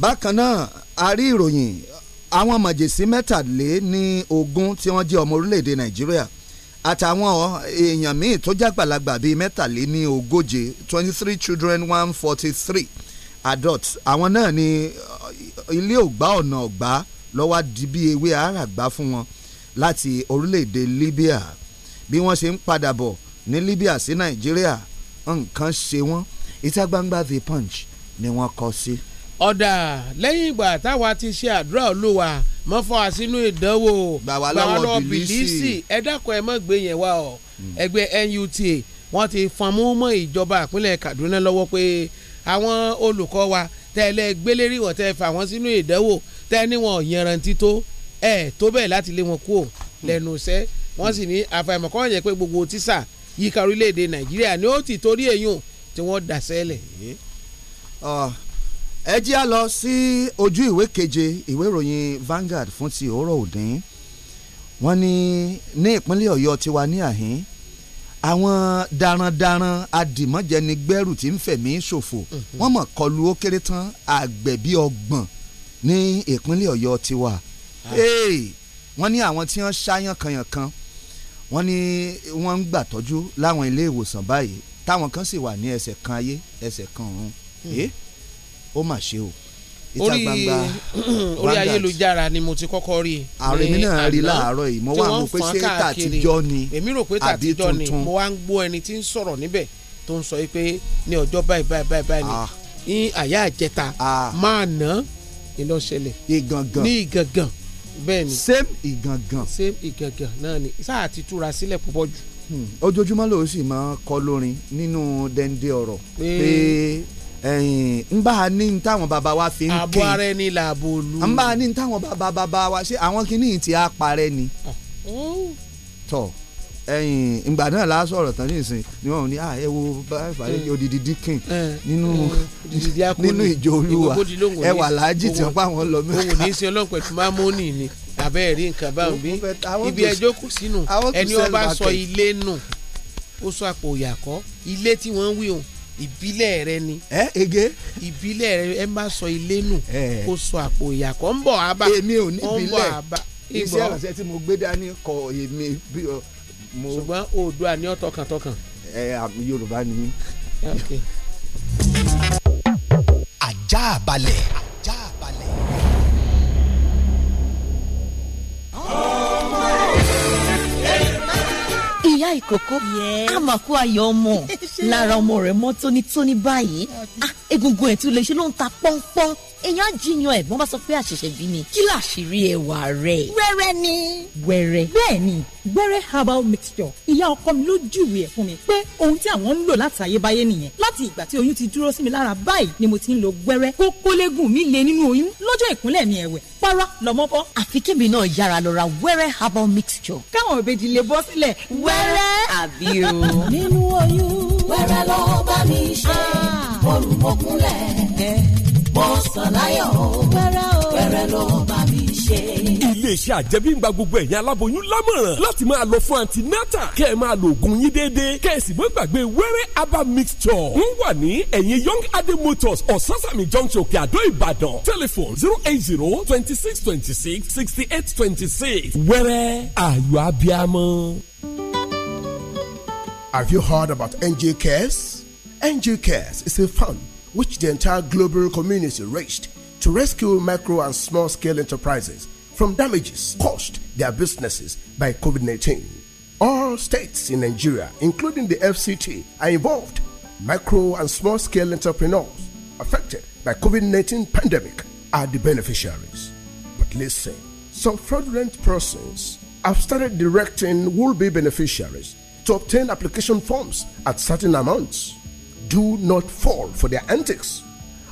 S19: bákan náà a rí ìròyìn àwọn màjèsí mẹ́tàlé ní ogún tí wọ́n jẹ́ ọmọ orílẹ̀‐èdè nàìjíríà àtàwọn èèyàn míì tó jágbàlagbà bíi mẹ́tàlé ní ogóje twenty three children one forty three adults àwọn náà ni uh, ilé ògbà ọ̀nà ọ̀gbà lọ́wọ́ di bí ewé àràgbá fún wọn láti orílẹ̀‐èdè Libya bí wọ́n ṣe ń padà bọ̀ ní Libya sí Nàìjíríà nǹkan ṣe wọ́n ìta gbangba
S14: The Punch ni wọ́n kọ sí. Si ọ̀dà lẹ́yìn ìgbà táwa ti ṣe àdúrà olúwa mọ́ fọ́ wa sínú ìdánwò gbàwá lọ́wọ́ bìlísì ẹ dákun ẹ mọ́ gbé yẹn wá o hmm. ẹgbẹ́ NUTA wọ́n ti fọnmú mọ́ ìjọba ìpínlẹ̀ Kaduna lọ́wọ́ pé àwọn olùkọ́ wa tẹ́lẹ̀ gbélérí wọ́n tẹ́ fà wọ́n sínú ìdánwò tẹ́ ní wọn yẹrantí tó ẹ̀ tó bẹ́ẹ̀ láti lé wọn kú o hmm. lẹ́nu iṣẹ́ wọ́n sì ní àfàìmọ̀kọ́ yẹn pé gbogbo tíṣà yíká orílẹ̀
S19: ẹ jẹ́ à lọ sí ojú ìwé keje ìwé ìròyìn Vanguard fún ti òórọ̀ òdín wọ́n ní ní ìpínlẹ̀ Ọ̀yọ́ tiwa ní àhín àwọn darandaran adìmọ́jẹnigbẹ́rù tí ń fẹ̀mí ṣòfò mhm. wọ́n mọ̀ kọlu ó kéré tán àgbẹ̀bí ọgbọ̀n ní ìpínlẹ̀ Ọ̀yọ́ tiwa ah. wọ́n ní àwọn tí wọ́n ṣáyàn kanyankan wọ́n ní wọ́n ń gbàtọ́jú láwọn ilé ìwòsàn báyìí táwọn kan sì wà ní ẹsẹ̀ kan ayé ẹsẹ̀ kan ọ̀run. Mm. Eh? ó mà ṣe o ìta gbangba
S14: orí ayélujára ni mo ti kọ́kọ́ rí ààrẹ mi náà rí láàárọ̀ yìí mo wá mọ̀ pé ṣé tàtijọ́ ni àbí tuntun. mo wá ń gbọ́ ẹni tí ń sọ̀rọ̀ níbẹ̀ tó ń sọ pé ní ọjọ́ báyìí báyìí báyìí ni ah. ní àyà àjẹta ah. máa ná ìlọsẹlẹ̀ ní ìgangan bẹ́ẹ̀ ni same ìgangan same ìgangan náà ni sáà ti túra sílẹ̀ púpọ̀ jù.
S19: Hmm. ojoojúmọ́ lòun sì máa kọ lórin nínú dẹ́ndé ọ̀rọ̀ pé nba ní táwọn bàbá wa fi ń kí àbọ̀ ara
S14: ẹni là bò lù.
S19: nba ní táwọn bàbá bàbá wa ṣé àwọn kìíní ti á parẹ́ ni. tọ́ ìgbà náà la sọ̀rọ̀ tán nísìn ni wọ́n ní ẹ wo báyìí odidi dikin nínú
S14: nínú ìjọ olúwa ẹ wà láàjì tí wọ́n pa wọn lọ mẹ́ta. òun ní í ṣe ọlọ́pẹ̀ tó máa mú ní ni àbẹ́ ẹ̀rí nǹkan báwọn bí ibi ẹjọ́ kù sínú ẹni wọ́n sọ ilé nù ó sọ àpò òyàkọ́ ilé tí wọ́n wí òun ìbílẹ̀ rẹ ni. ẹ ege. ìbílẹ̀ rẹ ẹ má sọ ilé nù. kó sọ àpò ìyàkọ́ ń bọ̀ àbá. èmi ò
S10: ní ìbílẹ̀ iṣẹ́ ìrànṣẹ́
S19: tí mo gbé dání kọ èmi ṣùgbọ́n
S14: oòdùà ni ọ́ tọkàntọkàn. ni mí. ajá balẹ̀.
S8: ìyá ìkókó á máa kó ayọ̀ ọmọ lára ọmọ rẹ̀ mọ́ tónítóní báyìí egungun ẹ̀ tí o lè ṣe ló ń ta pọ́npọ́n èèyàn jiyàn ẹ̀gbọ́n bá sọ pé àṣẹ̀ṣẹ̀ bí ni kí làṣírí
S12: ẹwà rẹ̀.
S8: wẹ́rẹ́ ni. wẹ́rẹ́. bẹ́ẹ̀ni wẹ́rẹ́ herbal mixture ìyá ọkọ mi ló júwèé ẹ̀ fún mi pé ohun tí àwọn ń lò láti àyébáyé nìyẹn láti ìgbà tí oyún ti dúró sí mi lára báyìí ni mo ti ń lo wẹ́rẹ́ kókólégùn mi lè nínú oyún lọ́jọ́ ìkúnlẹ̀ mi ẹ̀wẹ̀ para lọ́mọ bọ́. àfi kébì náà yára lọ ra wẹ́rẹ́ herbal mixture. káwọn òbejì lè bọ́ sílẹ̀ wẹ́rẹ́. àbí o. nínú oyún wẹ́rẹ́ lọ bá mi ṣe ah.
S18: olùmọ̀kúnlẹ̀
S13: bọ́sàláyọ̀
S18: wẹ́rẹ́ lọ bá mi ṣe.
S13: iléeṣẹ́ àjẹmíngba gbogbo ẹ̀yin aláboyún lámọ̀ràn láti máa lọ fún antinata kẹ́ ẹ̀ máa lo oògùn yín déédéé kẹ́ ẹ̀ sì mọ́ gbàgbé wẹ́rẹ́ herbal mixture wọ́n wà ní ẹ̀yìn young adé motors ososani junction òkè àdó ìbàdàn telephone zero eight zero twenty six twenty six sixty eight twenty six
S6: wẹ́rẹ́ ayọ̀ abiamọ. Have you heard about NJ Cares? NJ Cares is a fund which the entire global community raised to rescue micro and small scale enterprises from damages caused their businesses by COVID 19. All states in Nigeria, including the FCT, are involved. Micro and small scale entrepreneurs affected by COVID 19 pandemic are the beneficiaries. But listen, some fraudulent persons have started directing would be beneficiaries to obtain application forms at certain amounts. Do not fall for their antics.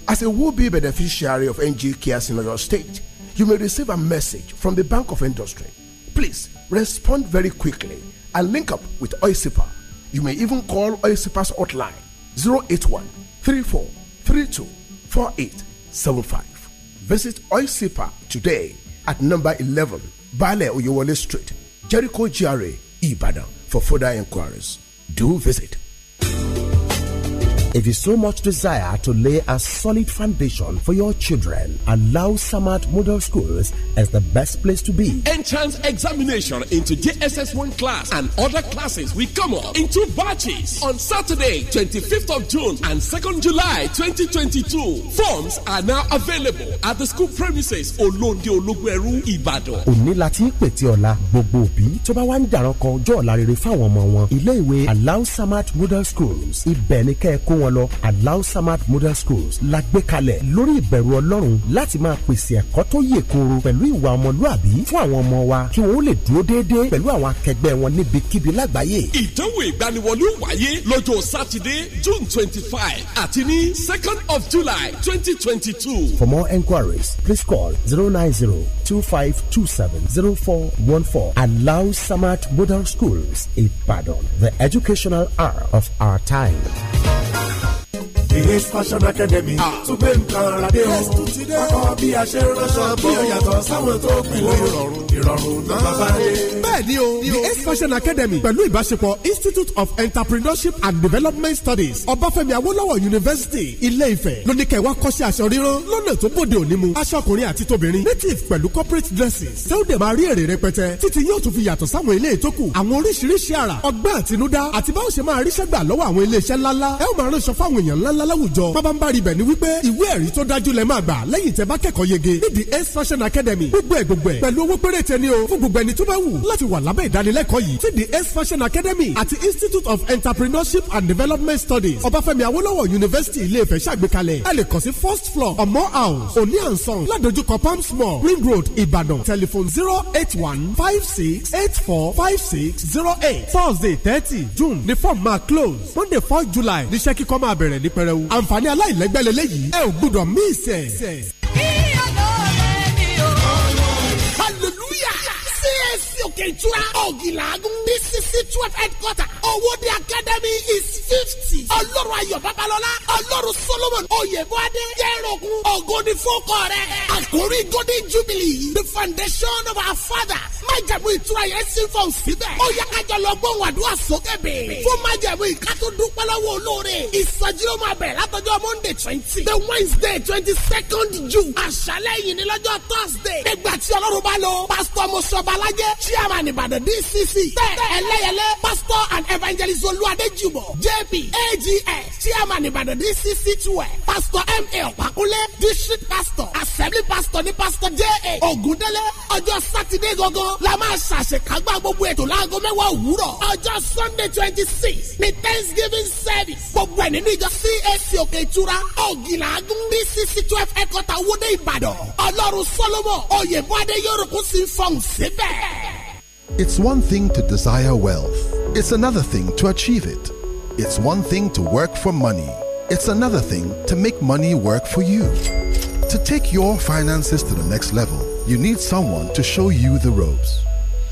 S6: As a would-be beneficiary of NG Cares in your State, you may receive a message from the Bank of Industry. Please respond very quickly and link up with OISIPA. You may even call OISIPA's hotline 081 32 4875. Visit OISIPA today at number 11 Bale Oyewole Street, Jericho GRA, Ibadan. For further inquiries, do visit if you so much desire to lay a solid foundation for your children, allow Samad Model Schools as the best place to be.
S13: Entrance examination into JSS1 class and other classes will come up in two batches on Saturday, 25th of June and 2nd July 2022. Forms are now available at the school premises Olonde Olugberu Ibadan. Òní
S6: láti pètè ọ̀la gbogbo òbí tó bá wá ń dàrán ọjọ́ ọ̀la rere fáwọn ọmọ wọn. Ilé ìwé Allow Samad Model Schools ibẹ̀ ni rán wọn lọ Modern Samad Schools la gbé kalẹ̀ lórí ìbẹ̀rù Ọlọ́run láti máa pèsè ẹ̀kọ́ tó yè kooro pẹ̀lú ìwà ọmọlúàbí fún àwọn ọmọ wa kí wọ́n lè dúró déédéé pẹ̀lú àwọn akẹgbẹ́ wọn níbikíbi lágbàáyé.
S13: ìdánwò wáyé lọ́jọ́ sátidé June twenty five àti ní second of July twenty twenty two.
S6: For more enquiries please call zero nine zero two five two seven zero four one four Alau Samad Modern Schools Ibadan the educational hour of our time.
S19: ìwé fashion
S6: academy ah. tún gbé nǹkan ràdé o ọkọ bí a ṣe ń ránṣọ ah, bí o yàtọ̀ sáwọn tó pinnu ìrọ̀rùn ìrọ̀rùn ló bá bá dé. bẹ́ẹ̀ni o the ace fashion academy pẹ̀lú ìbáṣepọ̀ institute of entrepreneurship and development studies ọbáfẹ́mi Awolowo university ilé-ifẹ̀ lóní kẹwàá kọ́ṣẹ́ aṣọ ríran lọ́nà tó bòde òní mu aṣọ ọkùnrin àti tóbìnrin native pẹ̀lú corporate dresses tẹ́wọ́n dẹ̀ máa rí èrè rẹpẹtẹ títí yóò tún fi yàtọ̀ sáwọn ilé ìtókù àwọn oríṣiríṣi àrà ọgbọ́n àtinúdá àti báwo ṣe máa ríṣẹ́ gbà lọ́wọ́ àwọn ilé iṣẹ́ ńláńlá ẹ ó máa ránṣọ fáwọn èèyàn ńláńlá láwùjọ pábánbárì bẹ̀ ni wípé ìwé ẹ̀rí tó dájú lẹ máa gbà lẹ́yìn tẹ́ bá kẹ́kọ̀ọ́ yege nídìí ace fashion academy gbogbo ẹ̀ gbogbo ẹ̀ pẹ̀lú owó péréte ni o fún gbogbo ẹni tó bá wù láti wà lábẹ́ ìdánilẹ́kọ̀ọ́ yìí ti the ace fashion academy àti institute of entrepreneurship and development studies ọbáfẹ́mi Awolowo university ilé-ifẹ̀ ṣàgbékalẹ̀ ẹ lè kàn sí first floor omo house òní ànsán ládojúkọ palms mall ring road Ibadan. telephone zero eight one five six eight four five six zero eight thursday thirty june ni form máa close monday four july níṣẹ́ kíkọ́ máa bẹ̀rẹ̀ ní pẹrẹwu o àǹfààní aláìlẹ́gbẹ́lẹ́lẹ́yìí ẹ ò gbúdọ̀ míì sẹ̀.
S17: òkè ìtura ọ̀gìlàgún bcc twelve headquarter owóde academy is fifty ọlọ́run ayọ̀ babalọ́lá ọlọ́run solomon oyèbọ́adé jẹ́rọ̀kún ògòdì fọ́kọ̀ rẹ̀ àkórí golden jubilee the foundation of our father májàmú ìtura yẹn sí fọ́ síbẹ̀ ó yẹ kájọ lọ gbóhùn àdúrà sókè béèrè fún májàmú ìkátó dúpẹ́ lọ́wọ́ olóore ìsọjí ó máa bẹ̀rẹ̀ látọjọ́ monday twenty the wednesday twenty second june àṣálẹ́ yìí ni lọ́jọ́ thursday nígbà tí ọlọ́run bá lọ pásítọ̀ mọ́sọ̀bálájẹ́ chair chairman Ìbàdàn DCC tẹ́ ẹlẹ́yẹlé pastor and evangelist olúwadé jùmọ̀ JB AGS chairman Ìbàdàn DCC twelve pastor M.A. Ọ̀pákúnlé district pastor assembly pastor ní pastor J.A. Ògúndélé ọjọ́ sátidé gangan la máa ṣàṣekágbá gbogbo ètò láago mẹ́wàá òwúrọ̀ ọjọ́ sunday twenty six ní thanksgiving service gbogbo ẹ̀ nínú ìjọ CAC òkè ìtura ọ̀gìnlàgún BCC twelve ẹ̀kọ́ta wọlé Ìbàdàn ọlọ́run Solomon oyèbọ́dé yorùkú sí fọ̀hún síbẹ̀.
S6: It's one thing to desire wealth. It's another thing to achieve it. It's one thing to work for money. It's another thing to make money work for you. To take your finances to the next level, you need someone to show you the ropes.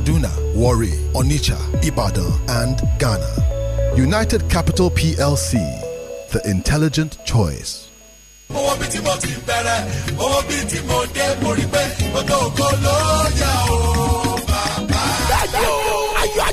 S6: Kaduna, Warri, Onitsha, Ibadan, and Ghana. United Capital PLC, the intelligent choice.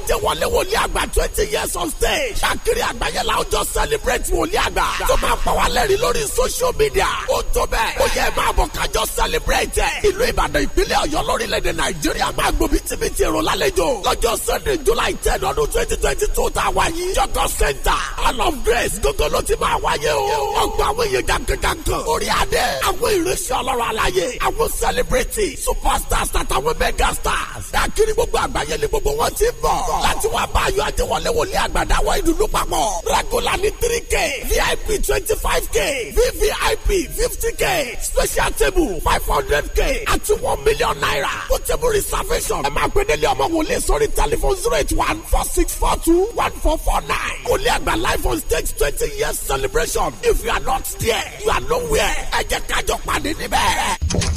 S17: jẹ́ wọlé wòlíì àgbà twenty years on stage. ṣàkiri àgbáyé la ó jọ celebrate wòlíì àgbà. tó máa pa wá lẹ́rìí lórí social media. ó tó bẹ́ẹ̀. ó yẹ máa bọ̀ kájọ celebrate. ìlú ìbàdàn ìpínlẹ̀ ọ̀yọ́ lórílẹ̀‐èdè nàìjíríà máa gbó bítíbitì èrò lálejò. lọ́jọ́ sunday july ten ọdún twenty twenty two tá a wá yìí. jọkọ center all of grace gógó ló ti máa wáyé o. ọgbà àwọn èèyàn jàǹkàǹkàǹkàn. orí adé àwọn ìrísí ọlọ́run aláyé àwọn celebrity superstars àtàwọn megastars. dàkírí gbogbo àgbáyé ni gbogbo wọn ti bọ̀ papọ̀. láti wá bá ayọ̀ àti wọlé wòlé àgbàdáwọ̀ ìdùnnú papọ̀. regular ní three k vip twenty five k vvip fifty k special table five hundred k àti one million naira. kó table reservation. ẹ máa gbẹdẹ lé ọmọ wòlé sórí telephone zero eight one four six four two one four four nine. wòlé àgbà life on stage twenty years celebration if you are not there you are nowhere. ẹ jẹ́
S8: kájọ pàdé níbẹ̀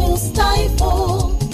S8: to stifle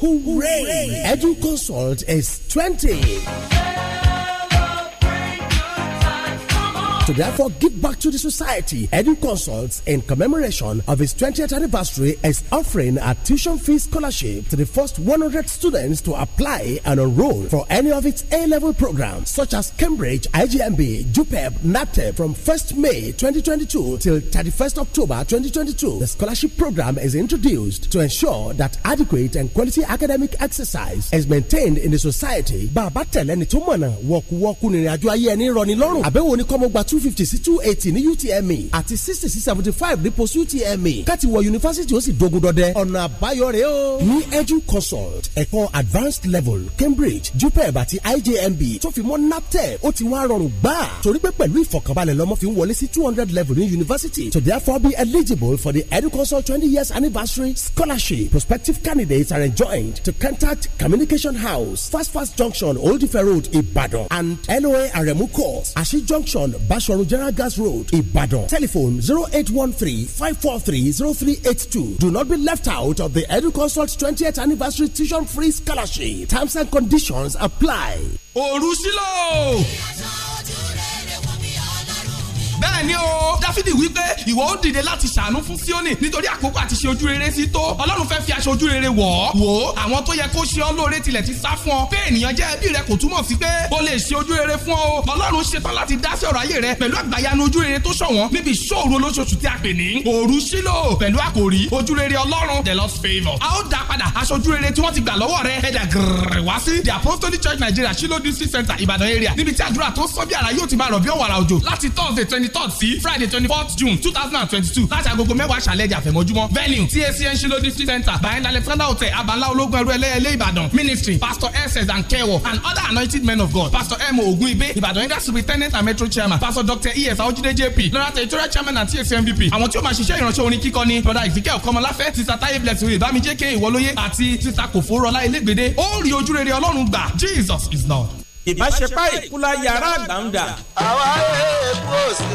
S13: Hooray!
S6: Edu Consult is 20. to therefore give back to the society. Edu Consults, in commemoration of its 20th anniversary, is offering a tuition fee scholarship to the first 100 students to apply and enroll for any of its A level programs, such as Cambridge, IGMB, JUPEB, NATE. from 1st May 2022 till 31st October 2022. The scholarship program is introduced to ensure that adequate and quality academic exercise is maintained in the society. Bàbá tẹ̀lẹ́ni tó mọ̀nà wọ̀kúwọ́kú nìrìnàjò ayé ẹni rọ̀ ní lọ́rùn. Àbẹ̀wò ni kọ́mọgbà tú two fifty sí two eighty ní UTME àti sixty sí seventy five ní post UTME káti wọ yunifásitì ó sì dogun dọdẹ ọ̀nà àbáyọ rẹ o. ní edu consult ẹ̀kọ́ advanced level Cambridge JUPEB àti IJMB tó fi mọ́ NAPTEP ó ti wá rọrùn gbà torí pé pẹ̀lú ìfọ̀kànbalẹ̀ lọ́mọ fi ń wọlé sí two hundred level ní yunifásitì to therefore be eligible for the edu consult twenty years anniversary scholarship prospective candidates are enjoined to contact Communication House Fast Fast Junction Old Ife Road Ibadan and NOA Aremu course Ashi Junction Basho. Soro General Gas Road, Ibadan. Telephone 0813-543-0382. Do not be left out of the EduConsult 20th Anniversary Tuition Free
S17: Scholarship.
S6: Terms and conditions
S17: apply.
S3: Òrùsílò
S16: bẹ́ẹ̀ ni o dáfídì wípé ìwọ ó dìde láti ṣàánú fún síónì nítorí àkókò àti ṣe ojú rere sí tó ọlọ́run fẹ́ fi aṣọ ojú rere wọ̀ ọ́ wò ó àwọn tó yẹ kó ṣe ọ́ lóore tilẹ̀ ti sá fún ọ pé ènìyàn jẹ́ ẹbí rẹ kò túmọ̀ sí pé o lè ṣe ojú rere fún ọ ọlọ́run ṣetán láti dá sí ọ̀rọ̀ ayé rẹ pẹ̀lú àgbàyanu ojú rere tó ṣọ̀wọ́n níbi ìṣòro olóṣooṣù tí a pè ní òru sílò pẹ̀lú àkòrí ojú rere ọlọ́run the lord's favour a ó dá padà aṣọ ojú rere tí wọ́n ti gbà lọ́wọ́ rẹ ẹ̀dà gírrrr wá sí the apostolic church nigeria shilo district center ìbàdàn area níbi tí àdúrà tó sọ bí ara yóò ti máa rọ̀ bí ọ̀wàrà òjò láti thursday twenty twenty third sí friday twenty fourth june two thousand and twenty two láti agogo mẹ́wàá ṣàlẹ̀ jà fẹ̀mọ́júmọ́ venue tac Shilo district center behind alexander hotel abala ológun ẹrú ẹlẹ́yẹlé ìbàdàn ministry pastor ss and kẹwọ and other anointing men of god pastor m ogunibe ìbàdàn area superintendent and metro chairman pastor dr es aojide jp lọ́nà territorial chairman and tac mvp àwọn tí ó máa ṣiṣẹ́ ìránṣẹ́ orin kíkọ ni brother ezekiel kọmọláfẹ́ sister taye blessing ìbámijẹ́kẹ́ ìwọlóye àti sister kòfó rọlá elégbèdé ó rí ojúrere ọlọ́run gbà jesus is lord ìbáṣepá ìkúlá yàrá àgbàǹdà.
S10: àwa ẹ̀ kú
S5: òsì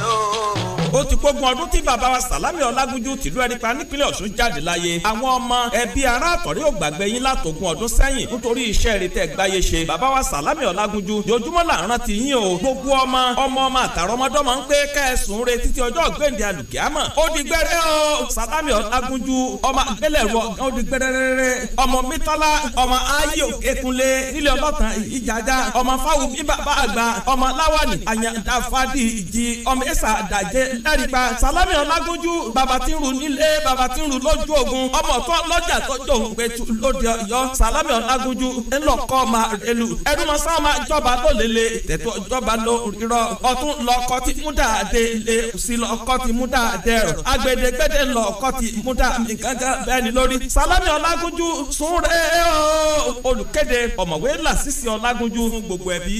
S5: ó ti pógun ọdún tí bàbá wa sàlámì ọlágúnjú tìlú ẹ̀rípa nípínlẹ̀ ọ̀ṣun jáde láyé àwọn ọmọ ẹbí ará àtọ̀rí ò gbàgbé yín látògún ọdún sẹ́yìn nítorí iṣẹ́ rẹ̀ gbáyé ṣe bàbá wa sàlámì ọlágúnjú yojúmọ́ là ń rántí yín o gbogbo ọmọ ọmọ ọmọ àtàrọ ọmọdé ọmọ ń pé kẹ́ẹ̀sùn re títí ọjọ́ gbèǹde àlùkìámọ̀ ó di gbẹrẹ o sàlámì ọlágúnjú ọmọ àgbélẹ̀rọ ó di gbẹrẹrẹrẹ ọmọ mítọ́lá ọmọ fáwọn bíbá bá àgbà ọmọ láwàní àyàndá fadí ìjì ọmọ ẹ̀sà àdàjẹ́ lẹ́rìgbà sálámì ọlágójú bàbá tí ń ru nílé bàbá tí ń ru lójú ogun ọmọ tó lọ́jà tọ́jú òun pẹ̀tù lóde ọ̀yọ́ sálámì ọlágójú ńlọkọ́ máa relu ẹdúnmọ̀ sáà máa jọba ló lele tẹ̀tọ̀ jọba ló rírọ̀ ọ̀tún lọ́kọ́ ti mú dáadé lé sí lọ́kọ́ ti mú dáadé rọ̀ agbẹ̀dẹ̀gbẹ̀dẹ̀ lọ́kọ́ ti mú dá mi gángan bẹ́ẹ̀ ni lórí sálámì ọlágójú sún rẹ́ ọ́ olùkéde ọ̀mọ̀wé làṣìṣì ọlágójú fún gbogbo ẹbí.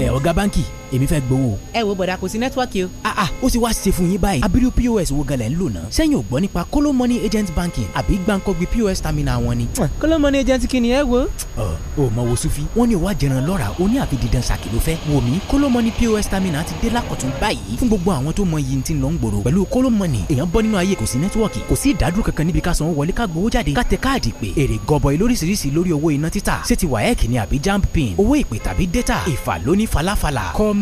S9: ẹ ọ̀gá báǹkì èmi fẹ́ gbowó. ẹ wo bọ̀dà kò sí nẹ́tíwọ́ọ̀kì o. ah ah ó ti wá ṣe fún yín báyìí abiru pos wo galẹ̀ ń lò náà sẹ́yìn ò gbọ́ nípa kóló money agent banking àbí gbàǹkọ́gbì pos terminal wọn ni. kóló money agent kí ni ẹ wo. ọ ò mọ wo sufi wọn ní ìwà jẹran lọ́ra ó ní àfi didan ṣàkì ló wo mi. mí kóló money pos terminal ti dé lákọ̀tún báyìí fún gbogbo àwọn tó mọ iye tí ń lọ ń gbòòrò pẹ̀lú kóló money èèyàn bọ́ nínú ayé kò sí nẹ́tíwọ́ọ̀kì kò sí ìdádúró kankan níbi ká sanwó wọlé ká gbowó jáde ká tẹ káàdì pé èrè gọbọi lóríṣiríṣi lórí owó iná títà ṣé ti wáyẹ̀kì ni àbí jamb pin owó ìpè tàbí data ìfà lóní falafala com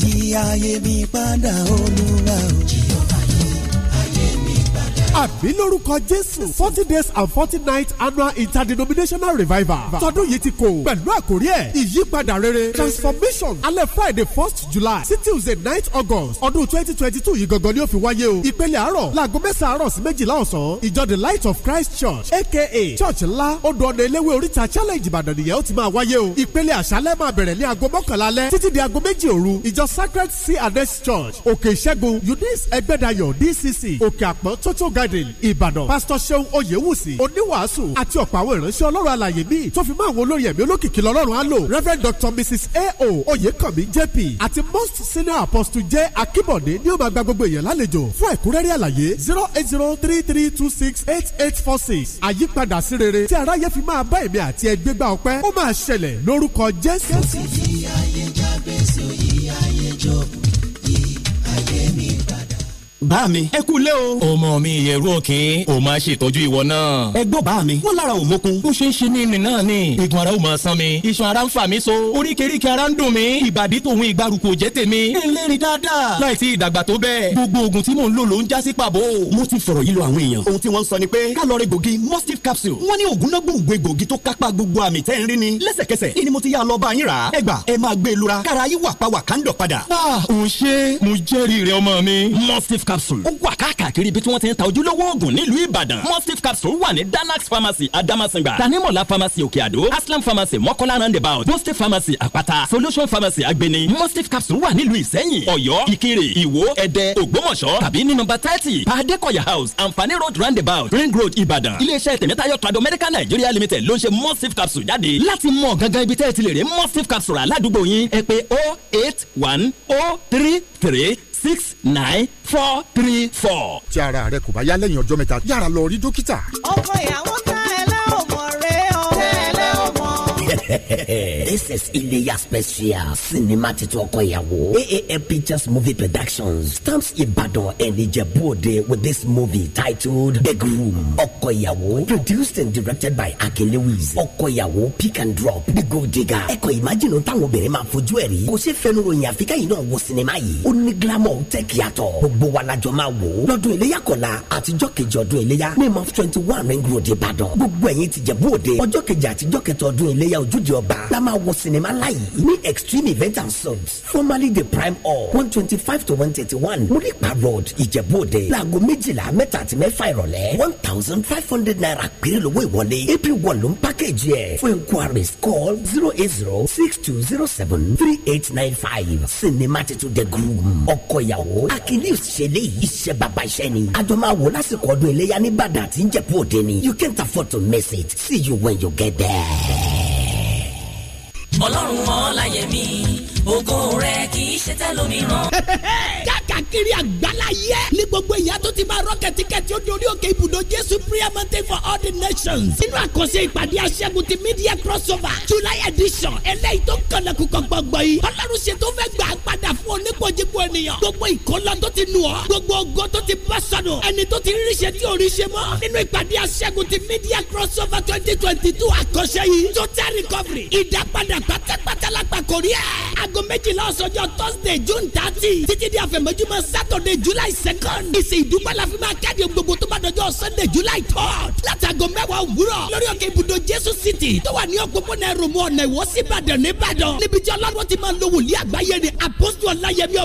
S12: yí ayé mi padà
S6: olúwa o àbí lórúkọ jésù forty days and forty nights annual interdenominational revival tọdún yìí ti kò pẹ̀lú àkórí ẹ̀ ìyípadà rere transformation alẹ́ friday first july sí tuesday ninth august ọdún twenty twenty two yìí gangan ni ó fi wáyé o ìpele àárọ̀ láago mẹ́sàn-án àárọ̀ sí méjìlá ọ̀sán ìjọ the light of christ church aka church ńlá odò ọ̀nà eléwé oríta challenge ìbàdàn nìyẹn ó ti máa wáyé o ìpele àṣálẹ́ máa bẹ̀rẹ̀ ní aago mọ́kànlá alẹ́ títí di aago méjì òru ìjọ sacred sea and church òkè ìṣẹ́gun eunice ẹgbẹ́dayọ̀ dcc òkè àpọ́n tótó ga garden ìbàdàn pásítọ̀ ṣeun oyewusi oníwàásù àti ọ̀pọ̀ àwọn ìránṣẹ́ ọlọ́run alàyè míì tó fi mọ́ àwọn olórí ẹ̀mí olókìkí lọ́lọ́run á lò rev dr mrs ao oyèkànmí jp àti most senior apostle j akíbọ̀dé ní ó máa gba gbogbo èèyàn lálejò fún ẹ̀kúnrẹ́rẹ́ àlàyé zero eight zero three three two six eight eight four six àyípadà sí rere tí aráyé fi máa bá èmi àti ẹgbẹ́ gbà ọpẹ́ ó máa ṣẹlẹ̀ lórúkọ
S5: jésù. kò
S3: sí ayé jábẹ́sì òye.
S5: bá mi. ẹ kú o. ọmọ mi ìyẹ̀rú òkè o máa ṣètọ́jú ìwọ náà. ẹ gbọ́ bá mi. wọ́n lára ò ó ṣe é ṣe ní ìrìn náà ni. igun ara ò máa san mi. iṣan ara ń fà mí so. oríkèéríkèé ara ń dùn mí. ìbàdí tòun ìgbàrúkọ jẹ́ tèmi. ẹ ń lérin dáadáa. láìsí
S15: ìdàgbà tó bẹ́ẹ̀. gbogbo oògùn tí mò ń lò ló ń já sí pàbó. mo ti fọ̀rọ̀ yí lọ àwọn èèyàn. ohun tí wọ́n sọ ni pé kálọ̀rì capsule. wọ́n ní oògùn náà gbòǹgbò egbògi tó ni. lẹ́sẹ̀kẹsẹ̀ ni mo ti yá lọ bá yín e lura. kára yín wà pa ah òun ṣe mo
S5: jẹ́rìí capsule ó wà káàkiri ibi tí wọ́n ti ń ta ojúlówó oògùn nílùú ìbàdàn mustif capsule wà ní danax pharmacy adamasingba tanimola pharmacy òkè àdó aslam pharmacy mọ́kànlá roundabout mustif pharmacy àpáta solution pharmacy agbeni mustif capsule wà nílùú ìsẹ́yìn ọ̀yọ́ ìkirè ìwó ẹ̀dẹ́ ògbómọ̀ṣọ́ tàbí ní nọ́mbà thirty pàdékọ̀yà house anfani road roundabout ring road ìbàdàn iléeṣẹ́ tẹ̀mẹ́tayọ̀ tọ́jú medical nigeria limited ló ń ṣe mustif capsule jáde láti mọ̀ gangan ibi tẹ́ ẹ ti lè rí
S6: mustif capsule aládùúgbò yín ẹ pé oh eight one oh three three six nine four three four. tí ara rẹ kò bá yá lẹ́yìn ọjọ́ mẹ́ta yára lọ rí dókítà.
S3: ọkọ ìyàwó tá ẹ lọ.
S12: this is Iléyá special sinima titun ọkọ AAM Pictures movie productions stamps Ibadan and Ijebu-Ode with this movie titled The Groom ọkọ ìyàwó produced and directed by Akin Lewis ọkọ ìyàwó pick and drop The Gold Digger Eko imagine on obìnrin máa fojú ẹ̀ rí kò ṣe fẹnu ròyìn àfikẹ́ yìí náà wo sinima yìí ó ní glamour tẹ́kì yàtọ̀ gbogbo wa lajọ máa wò ó lọ́dún Iléyá kọ̀la àtijọ́ kejì ọdún Iléyá ní twenty one ring road Ìbàdàn gbogbo ẹ̀yin ti Ìjẹ̀bú-Òde ọjọ́ kejì àtijọ́ kẹtọ̀ ọdún Iléyá àtúnjẹ ọba la máa wo sinimá láyé ní extreme event and subs formerly the prime hall one twenty five to one thirty one muripa road ìjẹ̀bú òde láago méjìlá mẹ́ta àti mẹ́fà ìrọ̀lẹ́ one thousand five hundred naira péré lówó ìwọlé april one ló ń pákéjì ẹ̀ fún inquiries call zero eight zero six two zero seven three eight nine five sinimá titun the groom ọkọ ìyàwó akilius ṣẹlẹ̀ iṣẹ́ bàbá iṣẹ́ ni àjọ máa wò lásìkò ọdún iléyà ní ìbàdàn àti ìjẹ̀bú òde ni you can't afford to miss it see you when you get there
S17: ọlọ́run ọláyẹmí
S3: ògo rẹ̀ kì
S17: í ṣe tẹ́lómìíràn. káàkiri àgbáláyé ní gbogbo ìyá tó ti máa rọ kẹ̀tíkẹ̀tí ó di orí òkè ibùdó Jésù prayer for all the nations nínú àkànṣe ìpàdé aṣẹ́gun ti media crossover July edition eléyìí tó ń kànnà kúkọ gbọgbọ yìí Ọlọ́run ṣe tó fẹ́ gbà padà fún oníkojúkọ ènìyàn gbogbo ìkọlọ tó ti nù ọ́ gbogbo ògo tó ti bá sọnù ẹni tó ti ríṣe tí ò ríṣe mọ́ nínú ìpàdé aṣẹ́gun ti media crossover twenty twenty two àkànṣe yìí total recovery ìdápadà pátápátá lápá kò rí ẹ̀ aago méjìlá ọ̀sọ́jọ́ Thursday June thirty títí di àfẹ̀mọ́jú ojúmọ́ Saturday July second ìsìn ìdúpẹ́ la fi máa kéde gbogbo tó bá dọjọ́ Sunday July third látàgọ́ mẹ́wàá òwúrọ̀ lórí òkè ibùdó Jésù City tó wà ní òpópónà ẹ̀rọ̀mọ́ ọ̀nà ìwọ́síbàdàn níbàdàn níbi tí ọlọ́run ti máa lo wòlíì àgbáyé ni àpọ́sù ọ̀láyẹmí ọmọ